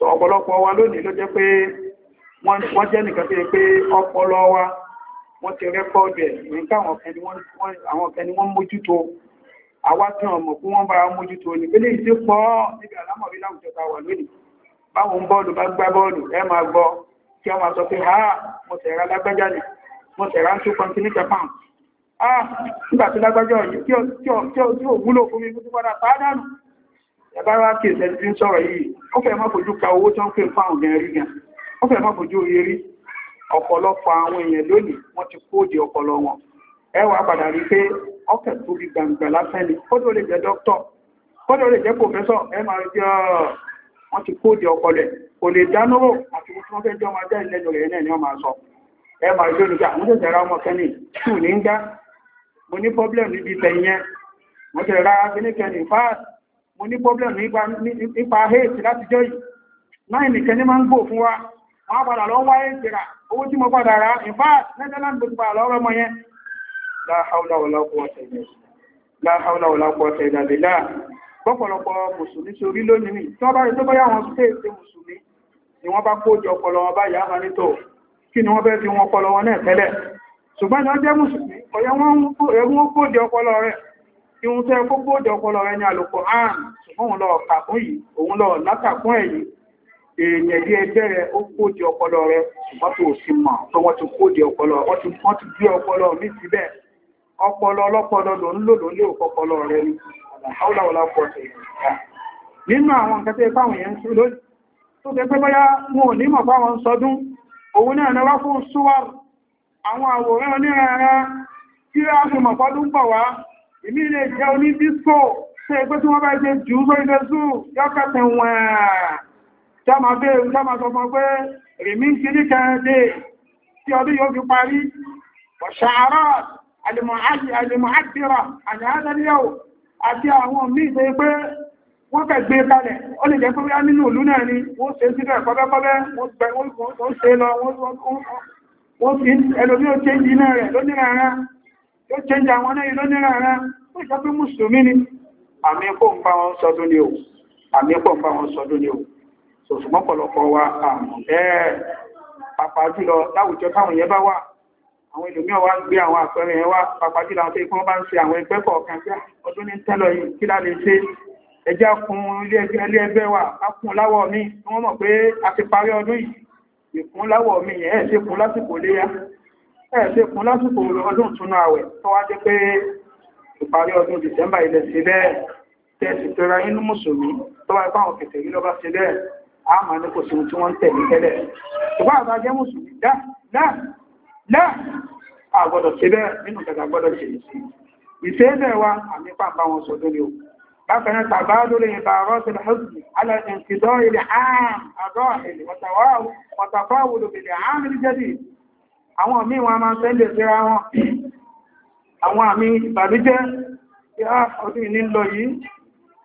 So ọ̀pọ̀lọpọ̀ wa lónìí ló jẹ́ pé wọ́n jẹ́ nìkan tó yẹ pé ọpọlọ wa wọ́n ti rẹ́kọ́ọ̀dù ẹ̀ nígbà àwọn ọ̀kẹ́ ni wọ́n mójútó àwa tí wọ́n mọ̀ fún wọ́n bá mójútó ní pélé ìsí pọ̀ níbi àlámọ̀rí láwùjọ ta wà lónìí báwo ń bọ́ọ̀lù bá gbá bọ́ọ̀lù ha mo tẹ̀ra lágbájá ni mo tẹ̀ra two continent ah nígbà tí lágbájá yìí tí ò wúlò fún mi mo ti padà pàdánù ẹ̀bára kèsẹ̀ tí ń yi yìí ó fẹ́ má fojú ka owó tó ń fáwọn gan rí gan ó fẹ́ má fojú oye rí ọ̀pọ̀lọpọ̀ àwọn èèyàn lónìí wọ́n ti ọpọlọ wọn ẹ padà rí pé ọkẹ̀ tó bí gbangba lásán ni kódò lè jẹ́ dókítọ̀ kódò lè jẹ́ pòfẹ́sọ̀ ẹ máa rí ah, wọ́n ti ẹ máa rí lónìí pé àwọn tẹ̀sẹ̀ ra ọmọ kẹ́ni tù ní ń dá mo ní níbi mo ní problem nípa hate látijọ́ yìí láì nìkan ní máa ń gbò fún wa wọ́n padà lọ wá èsì rà owó tí mo padà rà in fact netherland gbogbo padà lọ́rọ̀ ọmọ yẹn la hawla wala quwwata la hawla wala quwwata illa billah gbọ́pọ̀lọpọ̀ mùsùlùmí sórí lónìí tí wọ́n bá rí tó bá yàwọn stéèsì mùsùlùmí ni wọ́n bá kójọ ọpọlọ wọn bá yàá máa nítò kí ni wọ́n bẹ́ẹ̀ fi wọn ọpọlọ wọn náà tẹ́lẹ̀ ṣùgbọ́n ni wọ́n jẹ́ mùsùlùmí ìhun tẹ́ gbogbo òjò ọpọlọ rẹ ní Al-Qur'an ṣùgbọ́n lọ kàkún yìí òun lọ látàkún ẹ̀yìn èèyàn bí ẹgbẹ́ rẹ ó kóòdì ọpọlọ rẹ ṣùgbọ́n tó sì mọ̀ pé wọ́n ti kóòdì ọpọlọ wọ́n ti gbé ọpọlọ mi síbẹ̀ ọpọlọ ọlọ́pọlọ ló ń lò ló ọpọlọ rẹ ni pọ̀ sí nínú àwọn nǹkan fáwọn yẹn ń sún lórí tó fẹ́ pé bóyá wọn ò ní mọ̀ fáwọn ìmí ilé jẹ́ oní disco tó ẹgbẹ́ tí wọ́n bá ṣe jù ú sórí lẹ́sù yọ́kẹ̀tẹ̀ wọ̀n jáma bẹ́ẹ̀ jáma sọ fún pé rìmí ń kiri kẹ́ẹ̀dé tí ọdún yóò fi parí ọ̀ṣàárọ̀ alìmọ̀ádìrà àyàádẹ́lẹ́wò àti àwọn míì tó pé wọ́n fẹ́ gbé kalẹ̀ ó lè jẹ́ pé wíyá nínú ìlú náà ni wọ́n ṣe síbẹ̀ kọ́bẹ́kọ́bẹ́ wọ́n ṣe lọ wọ́n fi ẹlòmí ó ṣe ìdí náà rẹ̀ lónìí rẹ̀ tó jẹ́jẹ́ àwọn náà ìlú nílẹ̀ rẹ̀ ó sọ pé mùsùlùmí ni àmì pọ̀ ń bá wọn sọdún ni o àmì pọ̀ ń bá wọn sọdún ni o sòṣùmọ́ pọ̀lọpọ̀ wa àmọ̀ bẹ́ẹ̀ pàpà jùlọ láwùjọ táwọn yẹn bá wà àwọn ìlúmí ọwá gbé àwọn àpẹẹrẹ yẹn wá pàpà jùlọ àwọn tó ikú wọn bá ń ṣe àwọn ẹgbẹ́ kọ̀ọ̀kan pé ah, ọdún ní tẹ́lọ yìí kí lá lè ṣe ẹjẹ́ kun ilé ẹgbẹ́ wa a ti parí ọdún yìí ìkun láwọ̀ mi yẹn ẹ̀ ṣe kun lásìkò léyà ẹ̀ ṣe kún lásìkò ọdún túnú àwẹ̀ tó wá jẹ́ pé ìparí ọdún dìsẹ́mbà ilẹ̀ sí bẹ́ẹ̀ tẹ́ẹ̀sì pẹ̀rẹ̀ inú mùsùlùmí tó wá ipá àwọn kẹtẹ̀ yìí lọ́bá sí bẹ́ẹ̀ a máa ní kò sí ohun tí wọ́n ń tẹ̀lé tẹ́lẹ̀ ṣùgbọ́n àbá jẹ́ mùsùlùmí dá náà náà àgbọ̀dọ̀ sí bẹ́ẹ̀ nínú kẹta gbọ́dọ̀ sí ìṣe bẹ́ẹ̀ wa àmì pàǹpà wọn sọ lórí o bákan náà tàbá lórí ìbá rọ́ọ̀sì lọ́sì alẹ́kìndọ́ ilẹ̀ ààm àdọ́ ilẹ̀ wọ̀tàwọ́ wọ̀tàfọ́ wùlùmí ilẹ̀ ààm ìjẹ́dì àwọn àmì wọn a máa tẹ́lẹ̀ síra wọn àwọn àmì ìbànújẹ́ tí a ah, ọdún ní lọ yìí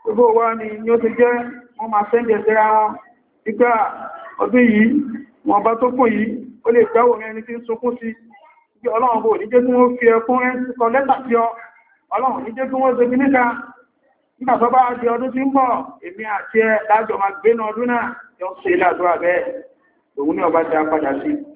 gbogbo wa ni ni ó ti jẹ́ wọ́n máa tẹ́lẹ̀ síra wọn ìgbà ah, ọdún yìí wọ́n bá tó kùn yìí ó lè gbáwò rẹ̀ ní tí ń sunkún sí bí ọlọ́run bò ní jẹ́ kí wọ́n fi ẹkún rẹ̀ kọ lẹ́tà sí ọ ọlọ́run ní jẹ́ kí wọ́n ṣe níta nígbà tó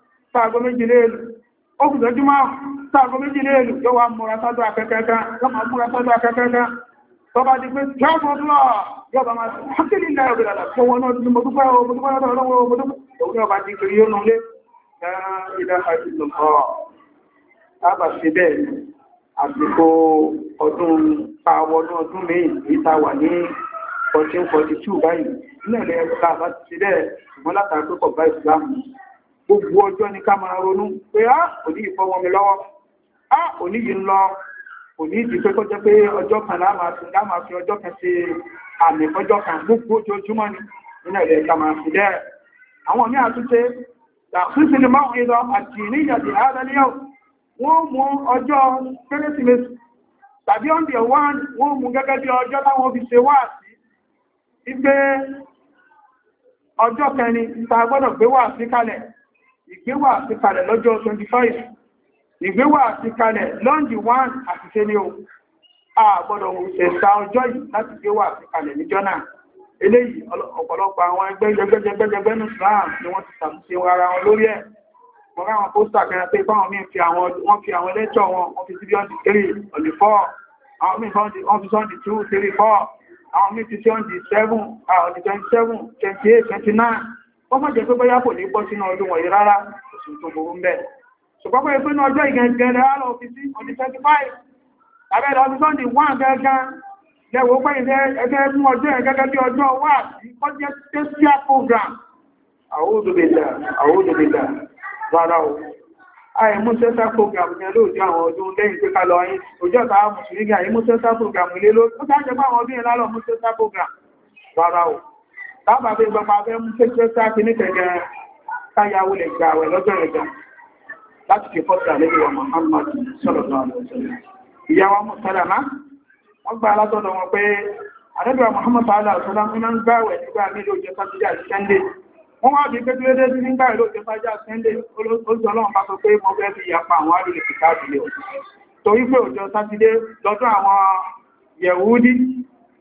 tààgọ́ méjì léèlù ókùnjọ́júmọ́ tààgọ́ méjì léèlù yóò wá múra sádọ́ akẹ́kẹ́kẹ́ tọba di pé 12 o'clock yóò bá máa ṣe ní ilẹ̀ ọ̀gbẹ̀rẹ̀ àlàfíà wọn náà ti mọ̀ dúpẹ́ ọmọ dúpẹ́ ọlọ́wọ́ ọmọ dúpẹ́ òun náà bá kiri yóò nulẹ̀ ilẹ̀ àìsìlùmọ́ àbà sí bẹ́ẹ̀ àsìkò ọdún pàwọnú ọdún mìí ìta wà ní 1442 báyìí nílẹ̀ ẹ̀ka àbá ti bẹ́ẹ̀ ṣùgbọ́n látàrí gbogbo ọjọ́ ní ká máa ronú pé á òní ìfọwọ́mi lọ́wọ́ á òní yìí ń lọ òní ìdí pé kó jẹ́ pé ọjọ́ kan láàmà fi ọjọ́ kan ṣe àmì ọjọ́ kan gbogbo ojoojúmọ́ ni nínú ẹ̀rẹ̀ ká máa fi dẹ́ ni máa ń lọ àti níyàdì àádọ́níyàwó wọ́n mú ọjọ́ kérésìmesì tàbí ọ̀ndì ọ̀wọ́n wọ́n mú gẹ́gẹ́ bí ọjọ́ táwọn fi ṣe wá sí ta gbọ́dọ̀ gbé wá sí kalẹ̀ ìgbéwà àti kalẹ̀ lọ́jọ́ 25 ìgbéwà àti kalẹ̀ lọ́ndì 1 àti tẹ́lẹ̀ o àgbọ́dọ̀ ẹ̀sà ọjọ́ yìí láti gbéwà àti kalẹ̀ níjọ́ náà eléyìí ọ̀pọ̀lọpọ̀ àwọn ẹgbẹ́ jẹgbẹ́jẹgbẹ́jẹgbẹ́ ní Islam ni wọ́n ti sàmúsí ara wọn lórí ẹ̀ wọ́n ráwọn pósítà kẹrin pé báwọn míì fi àwọn wọ́n fi àwọn ẹlẹ́tọ̀ wọn wọ́n fi síbí ọ̀dì 3 ọ̀dì 4 àwọn míì wọ́n fi sọ́ndì 2 3 4 àwọn míì fi sí ọ̀dì 7 ọ̀dì 27 28 29 wọ́n mọ̀ jẹ́ pé bóyá kò ní bọ́ sínú ọdún wọ̀nyí rárá òsùn tó burú ń bẹ̀. ṣùgbọ́n pé pé ní ọjọ́ ìgẹ̀gẹ̀rẹ̀ rárá òfìsí ọdún 35 abẹ́rẹ́ ọdún sọ́ndì wọ́n gẹ́gán lẹ́wọ́ pé ilẹ̀ ẹgbẹ́ mú ọjọ́ yẹn gẹ́gẹ́ bí ọjọ́ wà sí kọjẹ́ special program àwòdòbèdà àwòdòbèdà rárá o àì mú special program yẹn lóòjú àwọn ọdún lẹ́yìn pé ká lọ yín òjò ọ̀tá mùsùlùmí àì mú special program ilé lórí ó sáájẹ́ pé àwọn ọdún yẹn lálọ́ mú special program rárá o tábà bí gbọmọ abẹ́ mú sẹ́kẹ́sá kí ní kẹ̀kẹ́ káyàwó lè gbà àwẹ̀ lọ́jọ́ ẹ̀gbẹ̀ láti fi fọ́tà lẹ́bí wa Muhammad sọ́lọ̀lọ́ ìyàwó mùsàlámà wọ́n gbà látọ̀dọ̀ Muhammad sọ́lọ̀ sọ́lọ̀ ń gbà àwẹ̀ nígbà mélòó jẹ́ sátidé àti sẹ́ndé wọ́n wá bí pẹ́tùlẹ́dẹ́ sí nígbà ìlú jẹ́ sájá sẹ́ndé olóòjọ́lọ́wọ́n bá torí pé òjò sátidé lọ́dún àwọn Yẹ̀wúdí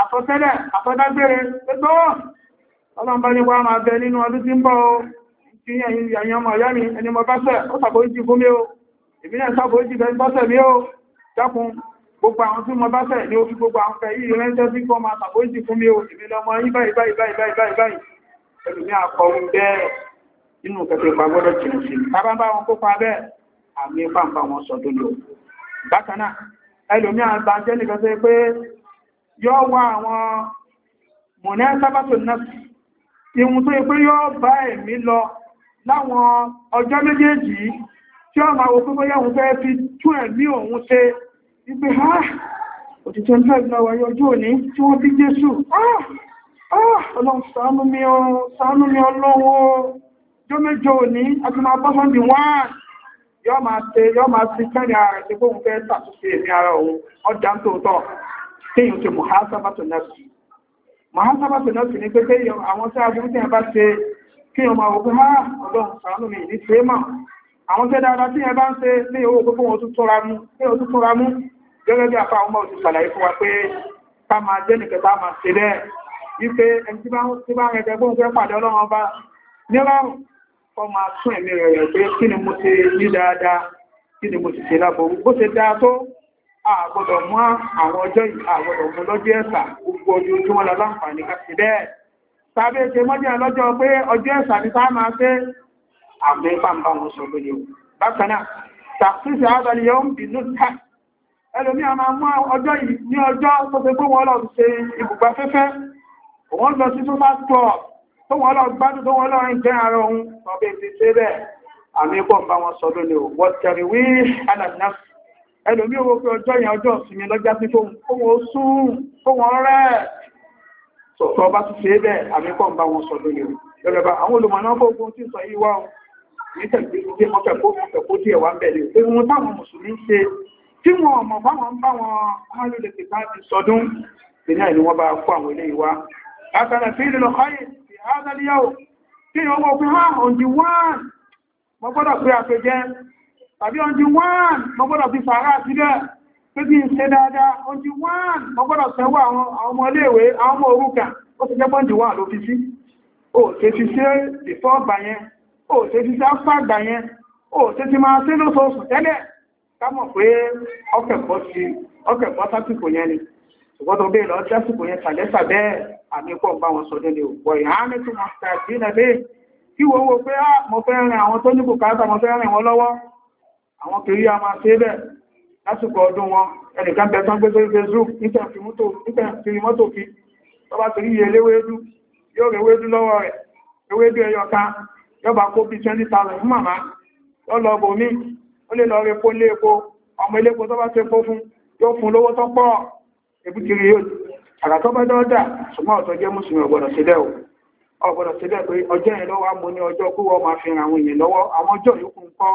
àtọ́tẹ́lẹ̀ àtọ́dágbére pẹ́tọ́ ọlọ́mbá ní wá máa bẹ nínú ọdún tí ń bọ́ tí yẹ̀yàn mọ̀ yá mi ẹni mọ̀ báṣẹ̀ ó o èmi náà sàbójì bẹ́ báṣẹ̀ mi o dákun gbogbo àwọn tí mọ̀ báṣẹ̀ ni ó fi gbogbo àwọn fẹ́ yìí rẹ́ńtẹ́ sí kọ́ máa sàbójì fún mi o èmi lọ mọ yín báyìí báyìí báyìí báyìí báyìí ẹlùmí àkọrun bẹ́ẹ̀ inú kẹfẹ́ ìpagbọ́dọ̀ jìnà sí bàbá bá wọn kópa bẹ́ẹ̀ àmì pàǹpà wọn sọ tó lò bákan náà ẹlùmí àgbà jẹ́ nìkan yọ́ wá àwọn mọ̀nà sábàtò náà ihun tó yẹ pé yọ́ bá ẹ̀mí lọ láwọn ọjọ́ méjèèjì tí ó máa wo pé bóyá òun fẹ́ fi tún ẹ̀mí òun ṣe wípé ha òtítọ́ ní ẹ̀gbọ́n wáyé ọjọ́ òní tí wọ́n bí Jésù ọlọ́run ṣàánú mi ọlọ́run ọjọ́ méjọ òní àti máa bọ́ sọ́ndì wọ́n yọ́ máa ti kẹ́rin ara rẹ̀ tí kóhun fẹ́ tàtúnṣe ẹ̀mí ara òun ọjà ń tòótọ́ kéyàn ṣe mọ̀hásábàtò nẹ́sì mọ̀hásábàtò nẹ́sì ní pé kéyàn àwọn tí a bí tí a bá ṣe kéyàn máa wọ́pẹ́ ha ọlọ́run ṣàánú mi ní ṣe mọ̀ àwọn tí dáadáa tí a bá ń ṣe ní owó gbogbo wọn tún tọ́ra mú gẹ́gẹ́ bí apá ọmọ òtún ṣàlàyé fún wa pé ká máa jẹ́ nìkẹ́ bá máa ṣe bẹ́ẹ̀ wípé ẹni tí ni mo ti ní ni mo ti ṣe láboru bó ṣe dáa tó àgbọ̀dọ̀ mọ́ àwọn ọjọ́ àgbọ̀dọ̀ mọ́ lọ́jọ́ ẹ̀sà gbogbo ọdún tí wọ́n láǹfààní káṣẹ bẹ́ẹ̀ tàbí ṣe mọ́jẹ́ lọ́jọ́ pé ọjọ́ ẹ̀sà ní sáà máa fẹ́ àmì pàǹpà wọn sọ lónìí o ẹlòmí owó pé ọjọ́ ìyàn ọjọ́ ìsinmi lọ́já sí fóhun ó sùn fóhun ọ̀rẹ́ tó bá ti ṣe bẹ́ẹ̀ àmìkọ́ ń bá wọn sọ lórí lọ́rẹ̀bá àwọn olùmọ̀nà fóògùn tí sọ yíwá ní tẹ̀gbẹ̀rẹ̀ mọ́kẹ̀kọ́ díẹ̀ wá ń bẹ̀rẹ̀ ohun táwọn mùsùlùmí ṣe tí wọn ọmọ báwọn ń tàbí ọjí wọ́n mọ́gbọ́dọ̀ fi fàárá sílẹ̀ pé bí i ṣe dáadáa ọjí wọ́n mọ́gbọ́dọ̀ sẹ́wọ́ àwọn ọmọ iléèwé àwọn ọmọ òrukàn ó ti jẹ́pọ́ ìdíwà ló fi sí ó ṣe fi ṣe ìfọ́ ọgbà yẹn ó ṣe fi ṣe afá àgbà yẹn ó ṣe ti máa ṣe lóṣooṣù tẹ́lẹ̀ kámọ̀ pé ọkẹ̀kọ́ sásìkò yẹn ni ṣùgbọ́n tó bẹ́ẹ̀ lọ sásìkò yẹn sàlẹ́sà bẹ́ẹ̀ àmì pọ̀ bá wọn sọdẹ́ ni òpó ìhánẹ́ tí wọ́n ṣàdínà bẹ́ẹ̀ kí wọ́n wo pé ah, mo fẹ́ rìn àwọn tó ní bùkátà mo fẹ́ rìn wọn lọ́wọ́ àwọn kìrí a máa ṣe bẹ̀ lásìkò ọdún wọn ẹnìkan bẹ̀ tán gbé sórí facebook nítorí mọ́tò fi tó bá torí iye eléwédú yóò rẹ̀ ewédú lọ́wọ́ rẹ̀ ewédú ẹyọ kan yọba kó bí 20,000 fún màmá lọ́lọ́bò mí ó lè lọ rẹ̀ kó lé epo ọmọ ilépo tó bá ṣe kó fún yóò fún lówó tó pọ̀ ebúkiri yóò àrà tó bá dọ́dà ṣùgbọ́n ọ̀tọ́ jẹ́ mùsùlùmí ọ̀gbọ̀dọ̀ sílẹ̀ o ọ̀gbọ̀dọ̀ sílẹ̀ pé ọjọ́ yẹn lọ́wọ́ ọjọ́ kúwọ́ máa fi ràn àwọn èèyàn lọ́wọ́ àwọn ọjọ́ yòókù ń kọ́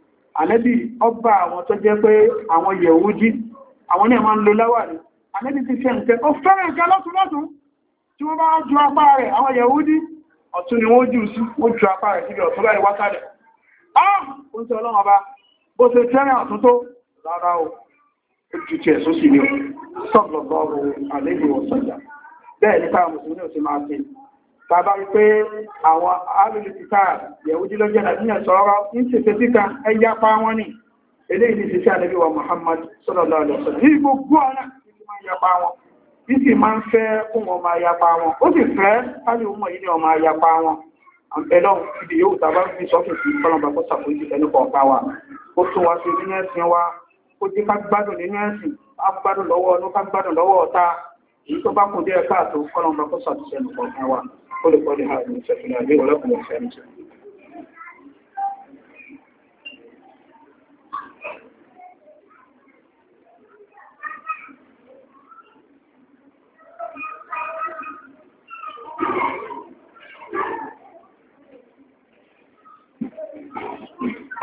ànẹ́bì ọba àwọn tó jẹ́ pé àwọn yẹ̀wújí àwọn ní ẹ̀mọ́ ń lo láwàrí ànẹ́bì ti fẹ́ ǹkẹ́ ó fẹ́rẹ̀ ǹkẹ́ lọ́tún lọ́tún tí wọ́n bá ju apá rẹ̀ àwọn yẹ̀wújí ọ̀tún ni wọ́n jù sí ó ju apá rẹ̀ síbi ọ̀tún láì wákàlẹ̀ ah oúnjẹ ọlọ́run bàbá rí pé àwọn alìlìkìtà yẹ̀wújí lọ́jọ́ nàìjíríà sọ̀rọ̀ ní ṣẹ̀ṣẹ̀ síta ẹ̀yà pa wọ́n ní eléyìí ní ṣiṣẹ́ ànábì Muhammad sallallahu alaihi wasallam ní gbogbo ọ̀nà tí máa yapa wọn bí sì máa ń fẹ́ kún wọn máa yapa wọn ó sì fẹ́ káàlì ọmọ yìí ni ọmọ yapa wọn àbẹ̀lọ́ ibi yóò tàbá fi sọ́fún sí kọ́lọ̀bà kó sàkójú ẹni kọ̀ọ̀pá wa ó tún wa sí nínú ẹ̀sìn wa ó dín ká قل قولي هذا المسافر لي ولكم والسلام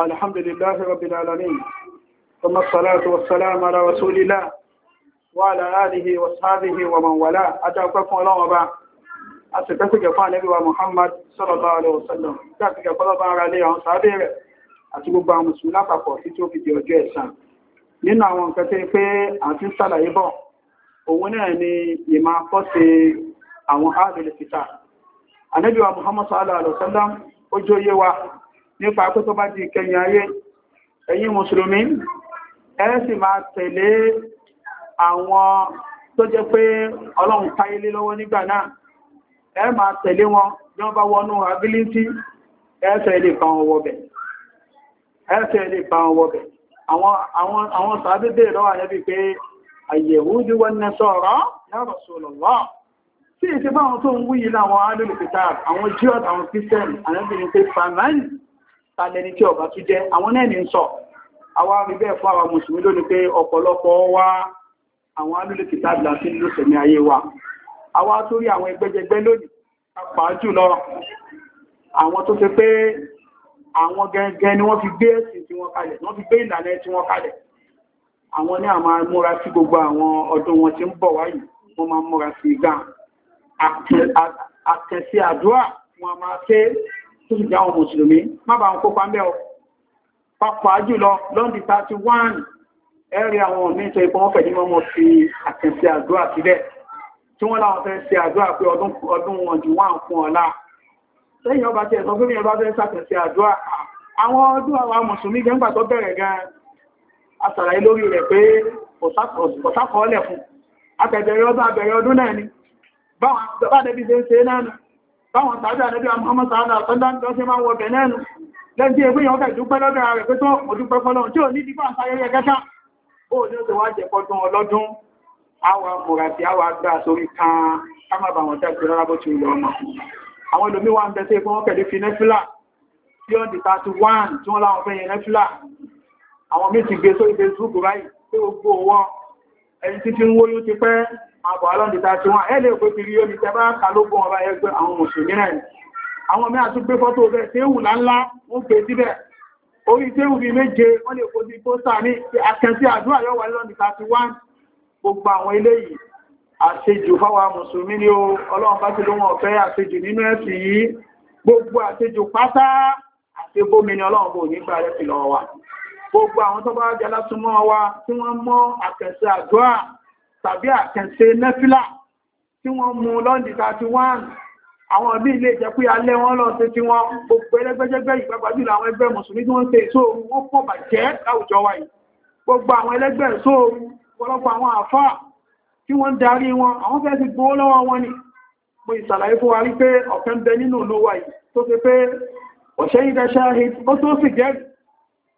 الحمد لله رب العالمين ثم الصلاة والسلام على رسول الله وعلى آله وصحبه ومن والاه أتاكم الله وبعد àtìkẹ́sìkẹ́ fún àlẹ́bíwa Muhammad sallallahu alaihi wasallam tí àtìkẹ́ fọ́lọ́bá ara lé àwọn sàábé rẹ̀ àti gbogbo àwọn mùsùlùmí lápapọ̀ tí tí ó fi di ọjọ́ ẹ̀san nínú àwọn nǹkan tí pé àti ń sàlàyé bọ̀ òun náà ni ìmá pọ́sí àwọn ààbẹ̀lẹ̀ fìta àlẹ́bíwa Muhammad sallallahu alaihi wasallam ó jó yé wa nípa pé tó bá di kẹyìn ayé ẹ̀yin mùsùlùmí ẹ sì máa tẹ̀lé àwọn tó jẹ́ pé ọlọ́run táyé lé lọ́wọ́ nígbà náà ẹ máa tẹ̀lé wọn bí wọ́n bá wọnú ability ẹsẹ̀ ilé kan wọ́bẹ̀ ẹsẹ̀ ilé kan wọ́bẹ̀ àwọn sàádédé lọ́wọ́ àyẹ́bí pé al-Yahudi ya Rasulullah sí ìṣẹ́ bá wọn tó ń wúyí láwọn alólùpítà àwọn jíọ́t àwọn kírísẹ́n àyẹ́bìnrin pé fàmẹ́lì tàlẹ́ni tí ọba tún jẹ́ àwọn náà ní ń sọ àwọn arìbẹ́ fún àwọn mùsùlùmí lónìí ayé wa àwa torí àwọn ẹgbẹ́jẹgbẹ́ lónìí pàápàá jùlọ àwọn tó ṣe pé àwọn gẹ́gẹ́ ni wọ́n fi gbé ẹ̀sìn tí wọ́n kalẹ̀ wọ́n fi gbé ìlànà tí wọ́n kalẹ̀ àwọn ní àmà múra sí gbogbo àwọn ọdún wọn tí ń bọ̀ wáyìí wọ́n máa múra sí gan àtẹ̀sí àdúrà wọn máa ké tó sì jáwọn mùsùlùmí má bá wọn kópa mẹ́ ọ pàápàá jùlọ lọ́ndì 31 ẹ̀rí àwọn míì tó ipò wọn fẹ̀ ní mọ́mọ́ àdúrà sílẹ̀ tí wọ́n láwọn fẹ́ ṣe àdúrà pé ọdún wọn jù wọ́n fún ọlá lẹ́yìn ọba tí ẹ̀sọ́ fún ìyẹn bá fẹ́ sàtẹ̀sẹ̀ àdúrà àwọn ọdún àwọn mùsùlùmí gẹ́gbà tó bẹ̀rẹ̀ gan asàlàyé lórí rẹ̀ pé ọ̀sákọọ́lẹ̀ fún abẹ̀bẹ̀rẹ̀ ọdún abẹ̀rẹ̀ ọdún náà ni báwọn tàbí àdẹ́bí àwọn afòràtí àwọn agbá sórí kan kámàbà wọn jáde rárá bó ti lọ ọmọ àwọn ìlòmí wà ń bẹ́ sí ẹgbẹ́ wọn pẹ̀lú fi nẹ́fílà tí ó ń di 31 tí wọ́n láwọn fẹ́yẹ nẹ́fílà àwọn mí ti gbé sórí Facebook báyìí pé gbogbo wọn ẹni títí ń wóyún ti pẹ́ àbọ̀ alọ́ndì 31 ẹ lè pé fi rí omi tẹ bá ká lógún ọba ẹgbẹ́ àwọn mùsùlùmí náà àwọn mí àtúgbé fọ́tò bẹ́ẹ̀ téèwù láńlá wọ́n pè síbẹ̀ orí téèwù bíi méje wọ́n lè kó sí pósítà ní akẹ́sí àdúrà yọ́wà lọ́ndì 31 gbogbo àwọn eléyìí àṣejù fáwa mùsùlùmí ni o ọlọ́run bá ti ló wọn ọ̀fẹ́ àṣejù nínú ẹ̀sìn yìí gbogbo àṣejù pátá àti bómi ni ọlọ́run bò nígbà rẹ̀ fi lọ́wọ́ wa gbogbo àwọn tó bá jẹ́ alásùnmọ́ wa tí wọ́n mọ́ àkànṣe àdúrà tàbí àkànṣe nẹ́fílà tí wọ́n mú lọ́ndì 31 àwọn ọdún ilé jẹ́ pé alẹ́ wọn lọ sí tí wọ́n gbogbo ẹlẹ́gbẹ́jẹ́gbẹ́ ìgbàgbà jùlọ àwọn ẹgbẹ́ mùsùlùmí tí wọ́n ṣe èso ooru wọ́n pọ̀ bàjẹ́ láwùjọ wa yìí gbogbo àwọn ẹlẹ́gbẹ́ èso ooru ọ̀pọ̀lọpọ̀ àwọn àfáà tí wọ́n darí wọn àwọn fẹ́ ti gbówó lọ́wọ́ wọn ni mo ìsàlàyé fún wa rí pé ọ̀fẹ́ ń bẹ nínú ìlú wa yìí tó fi pé ọ̀ṣẹ́ yìí dáṣá ó tó sì jẹ́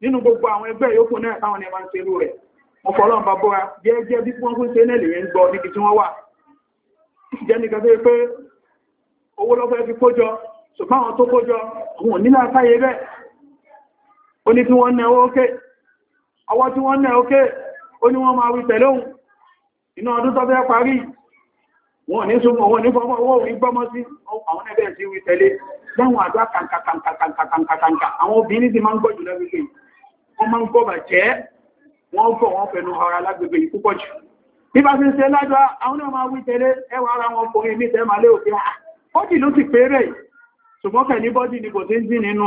nínú gbogbo àwọn ẹgbẹ́ yòókù náà táwọn ni máa ń ṣerú rẹ̀ mo fọ́ lọ́n bàbá wa jẹ́ẹ́jẹ́ bí wọ́n fún ṣe náà lèyìn gbọ́ níbi tí wọ́n wà jẹ́ nìkan tó pé owó lọ́fẹ́ fi kójọ ṣùgbọ́n àwọn tó kójọ òun nílà sáyé bẹ́ẹ̀ ó ní tí wọ́n náà ókè ọwọ́ tí wọ́n náà ókè ó ní wọ́n máa wí tẹ̀lóhun inú ọdún tó fẹ́ parí wọ́n ní súnmọ̀ wọ́n ní fọ́mọ́ owó orí gbọ́mọ́ sí àwọn ẹgbẹ́ sí wí tẹ̀lé láwọn àdúrà kàǹkàǹkàǹkàǹkàǹkà àwọn obìnrin ti máa ń gbọ́ jù lágbègbè wọ́n máa ń gbọ́ bàjẹ́ wọ́n gbọ́ wọ́n fẹnu ọ̀rọ̀ alágbègbè yìí púpọ̀ jù bí bá ti ń ṣe lájọ́ àwọn náà máa wí tẹ̀lé ẹwà ara wọn kòrin ní tẹ́ máa lé òfin à ah, bọ́dì ló ti pé rẹ̀ ṣùgbọ́n kẹ̀ ní bọ́dì ni kò ti ń dín nínú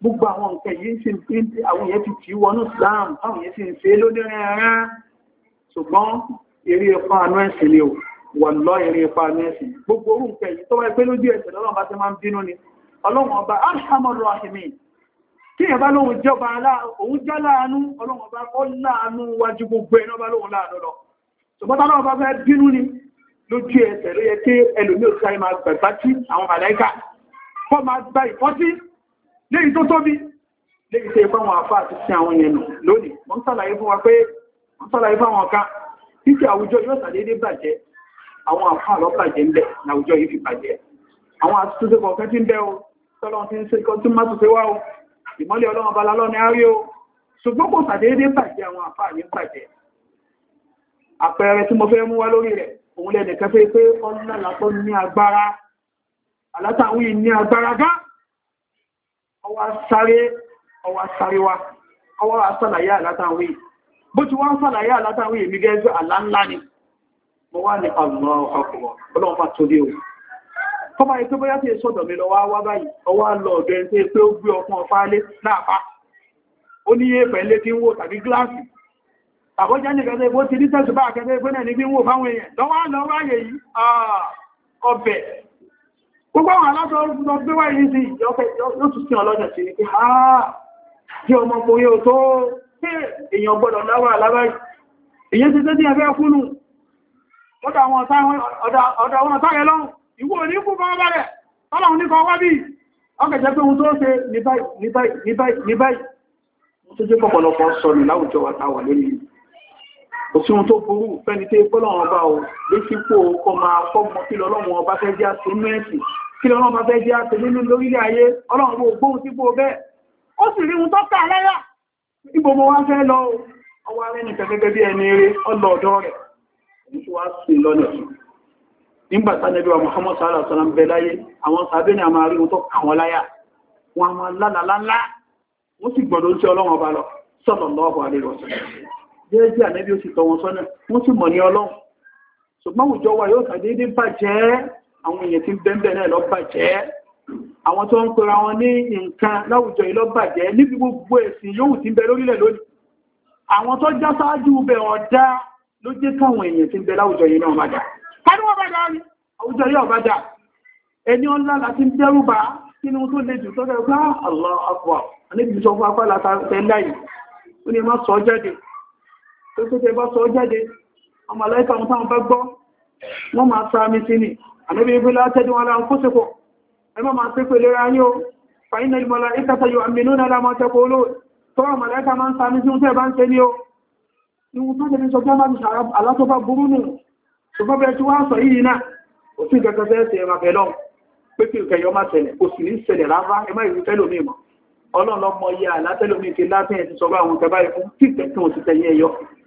gbogbo àwọn nǹkan yìí ṣe pé àwọn èèyàn ti tí wọnú Islam àwọn èèyàn ti ń ṣe lónírin ara ṣùgbọ́n eré ẹ̀fọ́ àánú ẹ̀sìn ni ò wà lọ eré ẹ̀fọ́ àánú ẹ̀sìn gbogbo orú nǹkan yìí tó wáyé pé lójú ẹ̀sẹ̀ lọ́wọ́ bá ti máa ń bínú ni ọlọ́run ọba alhamdu rahimi tí bá lóhun jẹ́ ni lójú ẹ̀sẹ̀ ló yẹ kí ẹlòmíì ò sáré léyìí tó tóbi léyìí tó ipá wọn àfá àti sí àwọn yẹn nù lónìí wọ́n sàlàyé fún wa pé wọ́n sàlàyé fún àwọn ọ̀ká títí àwùjọ yóò sàdédé bàjẹ́ àwọn àfá àlọ́ bàjẹ́ ńbẹ̀ láwùjọ yìí fi bàjẹ́ àwọn àtúnṣe kọ̀ọ̀kan tí ń bẹ́ o tọ́lọ́n ti ń ṣe kọ́ tí má tún ṣe wá o ìmọ́lẹ̀ ọlọ́run bala lọ́ni arí o ṣùgbọ́n kò sàdédé bàjẹ́ àwọn àfá àyè bàjẹ́ àpẹẹrẹ tí mo fẹ́ mú wá lórí rẹ̀ òun lẹ́nìkan fẹ́ pé ọlọ́lá tó ní agbára alátàwí ní agbára gan ọwá sáré ọwá sáré wá ọwá sàlàyé àlátàwé bó ti wọ́n sàlàyé àlátàwé èmi gẹ́gẹ́ àlá ńlá ni mo wá ní Allahu Akbar ọlọ́run bá tó dé o tó bá yẹ tó bóyá tí è sọ́dọ̀ mi lọ wá wá báyìí ọwá lọ ọ̀dọ̀ ẹni tó yẹ pé ó gbé ọkùn ọ̀fá lé láàpá ó ní èèpẹ̀ lé tí ń wò tàbí gíláàsì àbọ́já ní kẹta ìbó ti ní tẹ́sù bá kẹta ìbó náà ní bí fáwọn èèyàn lọ́wọ́ lọ́wọ́ àyè yìí ọbẹ̀ Gbogbo àwọn aláṣọ lọ gbé wáyé ní sí ìjọ́fẹ́ yóò tún sí ọlọ́jà sí ní pé ha jẹ́ ọmọ orí o tó èèyàn gbọ́dọ̀ láwà alábáyì. Èyí ti tẹ́ sí ẹgbẹ́ fúnnù. Ọdá àwọn ọ̀tá rẹ̀ lọ́hùn, ìwọ ní kú bá bá rẹ̀, ọlọ́run ní kan wá bí. Ọkẹ̀ jẹ́ pé ohun tó ṣe ní báyìí, ní báyìí, ní báyìí, ní báyìí. Mo tó jẹ́ pọ̀pọ̀lọpọ̀ sọ̀rọ̀ láwùjọ àtàwà lónìí òsùn tó burú fẹ́ni tí pọ́lọ́wọ́n bá o lé sípò kọ máa fọ́mọ kí lọ́lọ́wọ́n ọba fẹ́ jẹ́ àti mẹ́ẹ̀sì kí lọ́lọ́wọ́n ọba fẹ́ jẹ́ àti nínú lórílẹ̀ ayé ọlọ́run bó gbóhùn sípò bẹ́ẹ̀ ó sì rí ohun tó tà lẹ́yà ibo mo wá fẹ́ lọ ọwọ́ alẹ́ nìkan gẹ́gẹ́ bí ẹni eré ọlọ́ọ̀dọ́ rẹ̀ nítorí wa Muhammad sallallahu alaihi wasallam bẹ láyé àwọn sàbẹ́ ni a máa rí ohun tó kà wọ́n láyà wọn a máa lálàlá ńlá wọ́n sì gbọ́dọ̀ ń tí ọlọ́wọ́n ọba lọ sallallahu alaihi wasallam jẹ́ẹ́jẹ́ ànẹ́bí ó sì tọ́ wọn sọ́nà wọ́n sì mọ̀ ní ọlọ́run ṣùgbọ́n àwùjọ wa yóò kàn déédé bàjẹ́ àwọn èèyàn tí ń bẹ́ńbẹ̀ náà lọ bàjẹ́ àwọn tó ń pera wọn ní nǹkan láwùjọ yìí lọ bàjẹ́ níbi gbogbo ẹ̀sìn yóò ti ń bẹ lórílẹ̀ lónìí àwọn tó já sáájú bẹ̀ wọn dá ló jẹ́ káwọn èèyàn tí ń bẹ láwùjọ yìí náà bàjá káníwọ̀n bàjá rí àwùjọ yìí ọ̀bàjá ẹni ọlá láti dẹ́rù bá kínú tó le jù tọ́jọ́ bá àlọ́ àpọ̀ àníbi sọ fún apá látà tẹ́lá yìí ó ní má sọ jáde tó tó tẹ bá sọ jáde ọmọ aláìkà wọn táwọn bá gbọ́ wọ́n máa sa mi sí ni àníbi ibi látẹ́dùn ara ń kúsìkò ẹ má máa sí pé lera yín o fàyínà ìmọ̀lá ìkàtà yóò àmìnú náà lámọ́ tẹ́kọ̀ọ́ lóò tó ọmọ aláìkà máa ń sa mi sí oúnjẹ bá ń ṣe ní o ìwọ̀n tó tẹ̀lé sọ pé má ti sàrà alátọ́fà burú nù ṣùgbọ́n bẹ́ẹ̀ tí wọ́n sọ yìí náà kò sí ìgbẹ́kẹ́ fẹ́ ṣe ẹ̀mà bẹ̀lọ́ pé kí nǹkan yọ máa ṣẹlẹ̀ kò sì ní ṣẹlẹ̀ rárá ẹ má ìrú tẹ́lómi mọ̀ ọlọ́run lọ́mọ yẹ àlátẹ́lómi ti látẹ̀ ti sọ bá àwọn tẹ́bá ẹ̀fún tí ìgbẹ́kẹ́ òsì tẹ̀yẹ ẹ̀yọ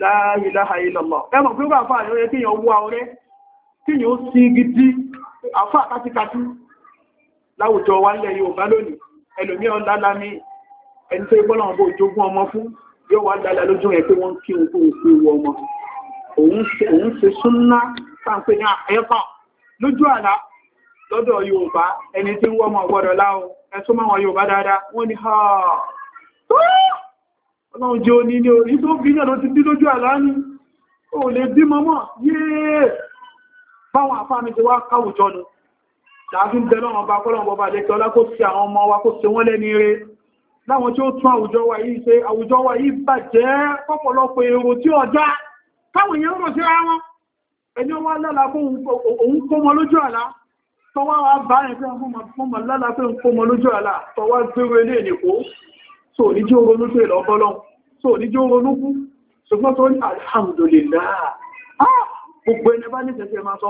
la ilaha illallah ẹmọ̀ pé wà fà yóò yẹ kí yàn wú àwọrẹ́ kí yàn ó sí gidi àfà kátíkátí láwùjọ wa nílẹ̀ Yorùbá lónìí ẹlòmí ọ̀n lálami ẹni tó ìbọ́lọ̀ ọmọ òjògùn ọmọ fún yóò wá dálá lójú ẹ pé wọ́n kí òkú òkú ìwọ ọmọ òun ṣe súnná sáńpé ní àfẹ́fà lójú àlá lọ́dọ̀ Yorùbá ẹni tí ń wọ́mọ̀ gbọ́dọ̀ láwọn ẹ̀sùn máwọn Yorùbá dáadáa wọ́n ni ha ọlọ́run jẹ́ oní ní orí tó bí náà ti bí àlá ní o lè bí mọ́mọ́ yéè báwọn àfáàmì ti wá káwùjọ nù ṣàfihàn bẹ̀lọ́run ọba kọ́lọ̀wọ́ bá lẹ́kẹ́ ọlá kó sí àwọn ọmọ wa kó wa yìí ṣe wa yìí bàjẹ́ pọ̀pọ̀lọpọ̀ èrò tí ọjá káwọn èèyàn rọ̀ síra wọn ẹni wá lálà fún òun kó mọ lójú àlá tọwọ́ wa bá ẹ̀ fẹ́ fún mọ lálà fún kó mọ lójú àlá tọwọ́ gbéró ilé ìnìkó so ní jí ó ronú pé lọ́bọ́lọ́ so ní jí ó ronú kú ṣùgbọ́n tó ní alhamdulillah ah! gbogbo ẹni bá ní tẹ̀sẹ̀ máa sọ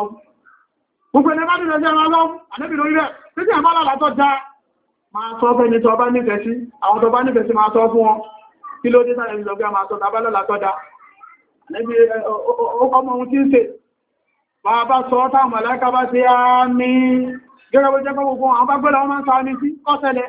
gbogbo ẹni bá ní tẹ̀sẹ̀ máa lọ ànẹ́bì lórí rẹ̀ títí àbá lálà tó já máa sọ bẹ́ ni tó bá ní tẹ̀sí àwọn tó bá ní tẹ̀sí máa sọ fún wọn kí ló dé sáré ní lọ́gbẹ́ máa sọ tàbá lálà tó dá ànẹ́bì ọmọ ohun tí ń ṣe máa bá sọ táwọn mọ̀lẹ́ká bá ṣe á ní gẹ́gẹ́ bó jẹ́ gbogbo àwọn bá gbọ́dọ̀ wọn máa sọ á ní sí ọ̀sẹ̀lẹ̀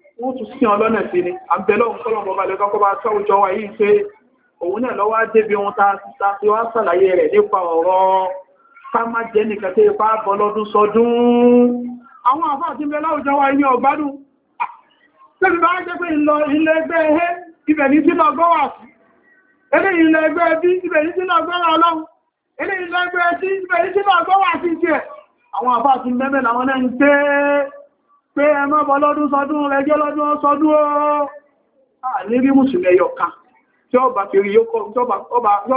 wọ́n tún sí ọlọ́nà sí ni àbẹ̀lọ́hùn kọ́lọ̀mọ̀ balẹ̀ kọ́kọ́ bá sáwùjọ wa yìí pé òun náà lọ́wọ́ débi ohun ta síta tí wọ́n sàlàyé rẹ̀ nípa ọ̀rọ̀ ká má jẹ́ nìkan tí ipá bọ́ lọ́dún sọdún àwọn àfáà ti bẹ́lá òjò wa ní ọ̀gbádùn lẹ́bi bá jẹ́ pé ilẹ̀ ẹgbẹ́ ẹ̀hẹ́ ibẹ̀ ní sínú ọgọ́wà sí ẹlẹ́ mẹ́mẹ́ làwọn náà ń gbé pé ẹ má bọ́ lọ́dún sọdún rẹ̀ jẹ́ lọ́dún sọdún oó nírí mùsùlùmí ẹyọ kan tí ó bá kiri yóò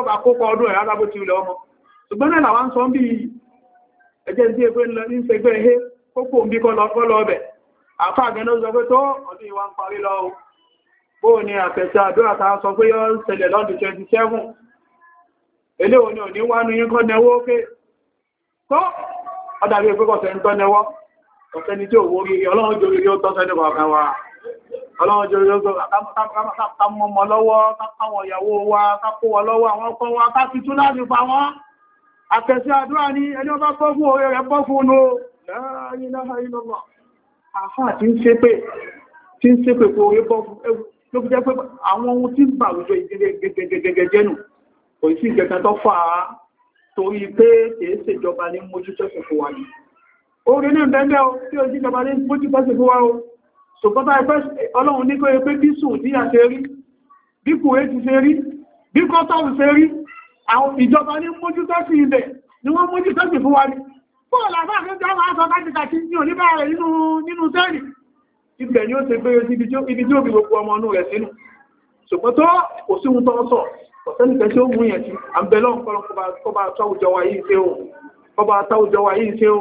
bá kópa ọdún ẹ̀rá lábó ti ilẹ̀ ọmọ ṣùgbọ́n náà wá ń sọ bí ẹjẹ́ tí ẹgbẹ́ ní ṣẹgbẹ́ ihe kókò ń bí kọ́ lọ fọ́lọ ọbẹ̀ sọ pé tó ọdún ìwà ń parí lọ ọ̀sẹ́ni tí òwò rí ọlọ́run jò rí ó tọ́ sẹ́ni kọ̀ọ̀kan wa ọlọ́run jò rí ó tọ́ kámọ́mọ́ lọ́wọ́ káwọn ìyàwó wa kákó wa lọ́wọ́ àwọn ọkọ wa ká fi tún láti pa wọ́n àtẹ̀sí àdúrà ní ẹni ọba bọ́ fún orí rẹ̀ bọ́ fún un láàrin láàrin lọ́wọ́ àfáà tí ń ṣépè tí ń ṣépè kó orí bọ́ fún ẹwù ló fi jẹ́ pé àwọn ohun tí ń bà wùjọ ìdílé gẹ́gẹ́gẹ́gẹ́ jẹ́nu kò sí ìjẹta tó fà á torí orí ní ìbẹ́ẹ̀bẹ́ o tí ó jíjọba ní fójú pẹ́sì fún wa o ṣùgbọ́n bá ẹgbẹ́ ọlọ́run ní kó yẹ pé bí sùn tí a ṣe rí bí kùwé ti ṣe rí bí kọ́tọ̀wù ṣe rí àwọn ìjọba ní mójú pẹ́sì ilẹ̀ ni wọ́n mójú pẹ́sì fún wa ní bóòlù àbá àfẹ́jọ́ àwọn aṣọ kájíkàtí ní oníbàárẹ̀ nínú sẹ́ẹ̀lì ibẹ̀ ni ó ṣe gbé ibi tí ó bí gbogbo ọmọ inú rẹ̀ sínú ṣùgbọ́n tó kò sí ohun tọ́ọ̀tọ̀ ọ̀sẹ́nìkẹ́ tí ó mú yẹn tí àbẹ̀lọ́ kọ́ba táwùjọ wa yìí ṣe o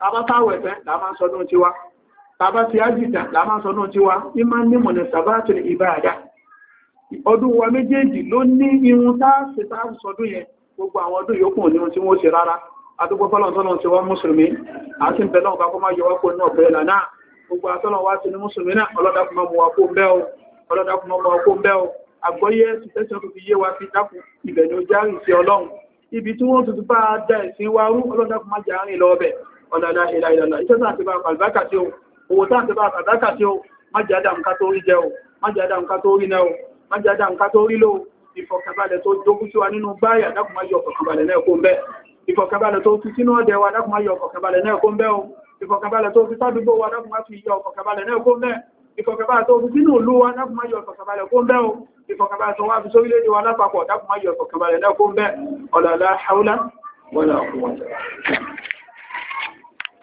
tàbá táwẹ̀ tán láàmá sọdún tiwa tàbá ti ájìtà láàmá sọdún tiwa ìmá nímọ̀ ní sàbátì ìbáadà ọdún wa méjèèjì ló ní irun táàsì táàsì sọdún yẹn gbogbo àwọn ọdún yòókù ní ohun tí wọ́n ṣe rárá adúgbò fọ́lọ̀ntọ́lọ̀ tí wọ́n mùsùlùmí àti ìbẹ̀lọ́ ọba kó má yọ wákò náà bẹ̀rẹ̀ lánàá gbogbo àtọ́lọ̀ wá ti ní mùsùlùmí náà ọlọ́dàkùnmọ́ mọ́ wákò bẹ́ o ọlọ́dàkùnmọ́ mọ́ wákò bẹ́ o àgbọ́yé ẹ̀sùn tẹ́sán tó fi yé wa fi dákùn ibẹ̀ ni ó járìn sí ọlọ́run ibi tí wọ́n tuntun bá dá ẹ̀sìn wa rú ọlọ́dàkùnmọ́ járìn lọ bẹ̀ ọ̀làlá ìlà ìlàlá iṣẹ́ tàà ti bá àlùbákà tí ó owó tàà ti bá àlùbákà tí ó má jẹ́ àdá nǹkan tó rí jẹ o má jẹ́ àdá o má jẹ́ àdá nǹkan tó rí lò ìfọ̀kànbalẹ̀ tó jókú sí wa nínú báyà dákùnmá yọ ọ̀kọ̀kànbalẹ̀ náà kó ń bẹ́ ìfọ̀kànbalẹ̀ tó fi sínú ọ̀dẹ̀ wa dákùnmá yọ ọ̀kọ̀kànbalẹ̀ náà kó ń bẹ́ o ìfọ̀kànbalẹ̀ tó fi sádùúgbò wa dákùnmá fi yọ ọ̀kọ̀kànbalẹ̀ náà kó ń bẹ́ ìfọ̀kànbalẹ̀ tó fi sínú ìlú wa dákùnmá yọ ọ̀kọ̀kànbalẹ̀ kó ń bẹ́ o ìfọ̀kànbalẹ̀ tó wá fi sórílẹ̀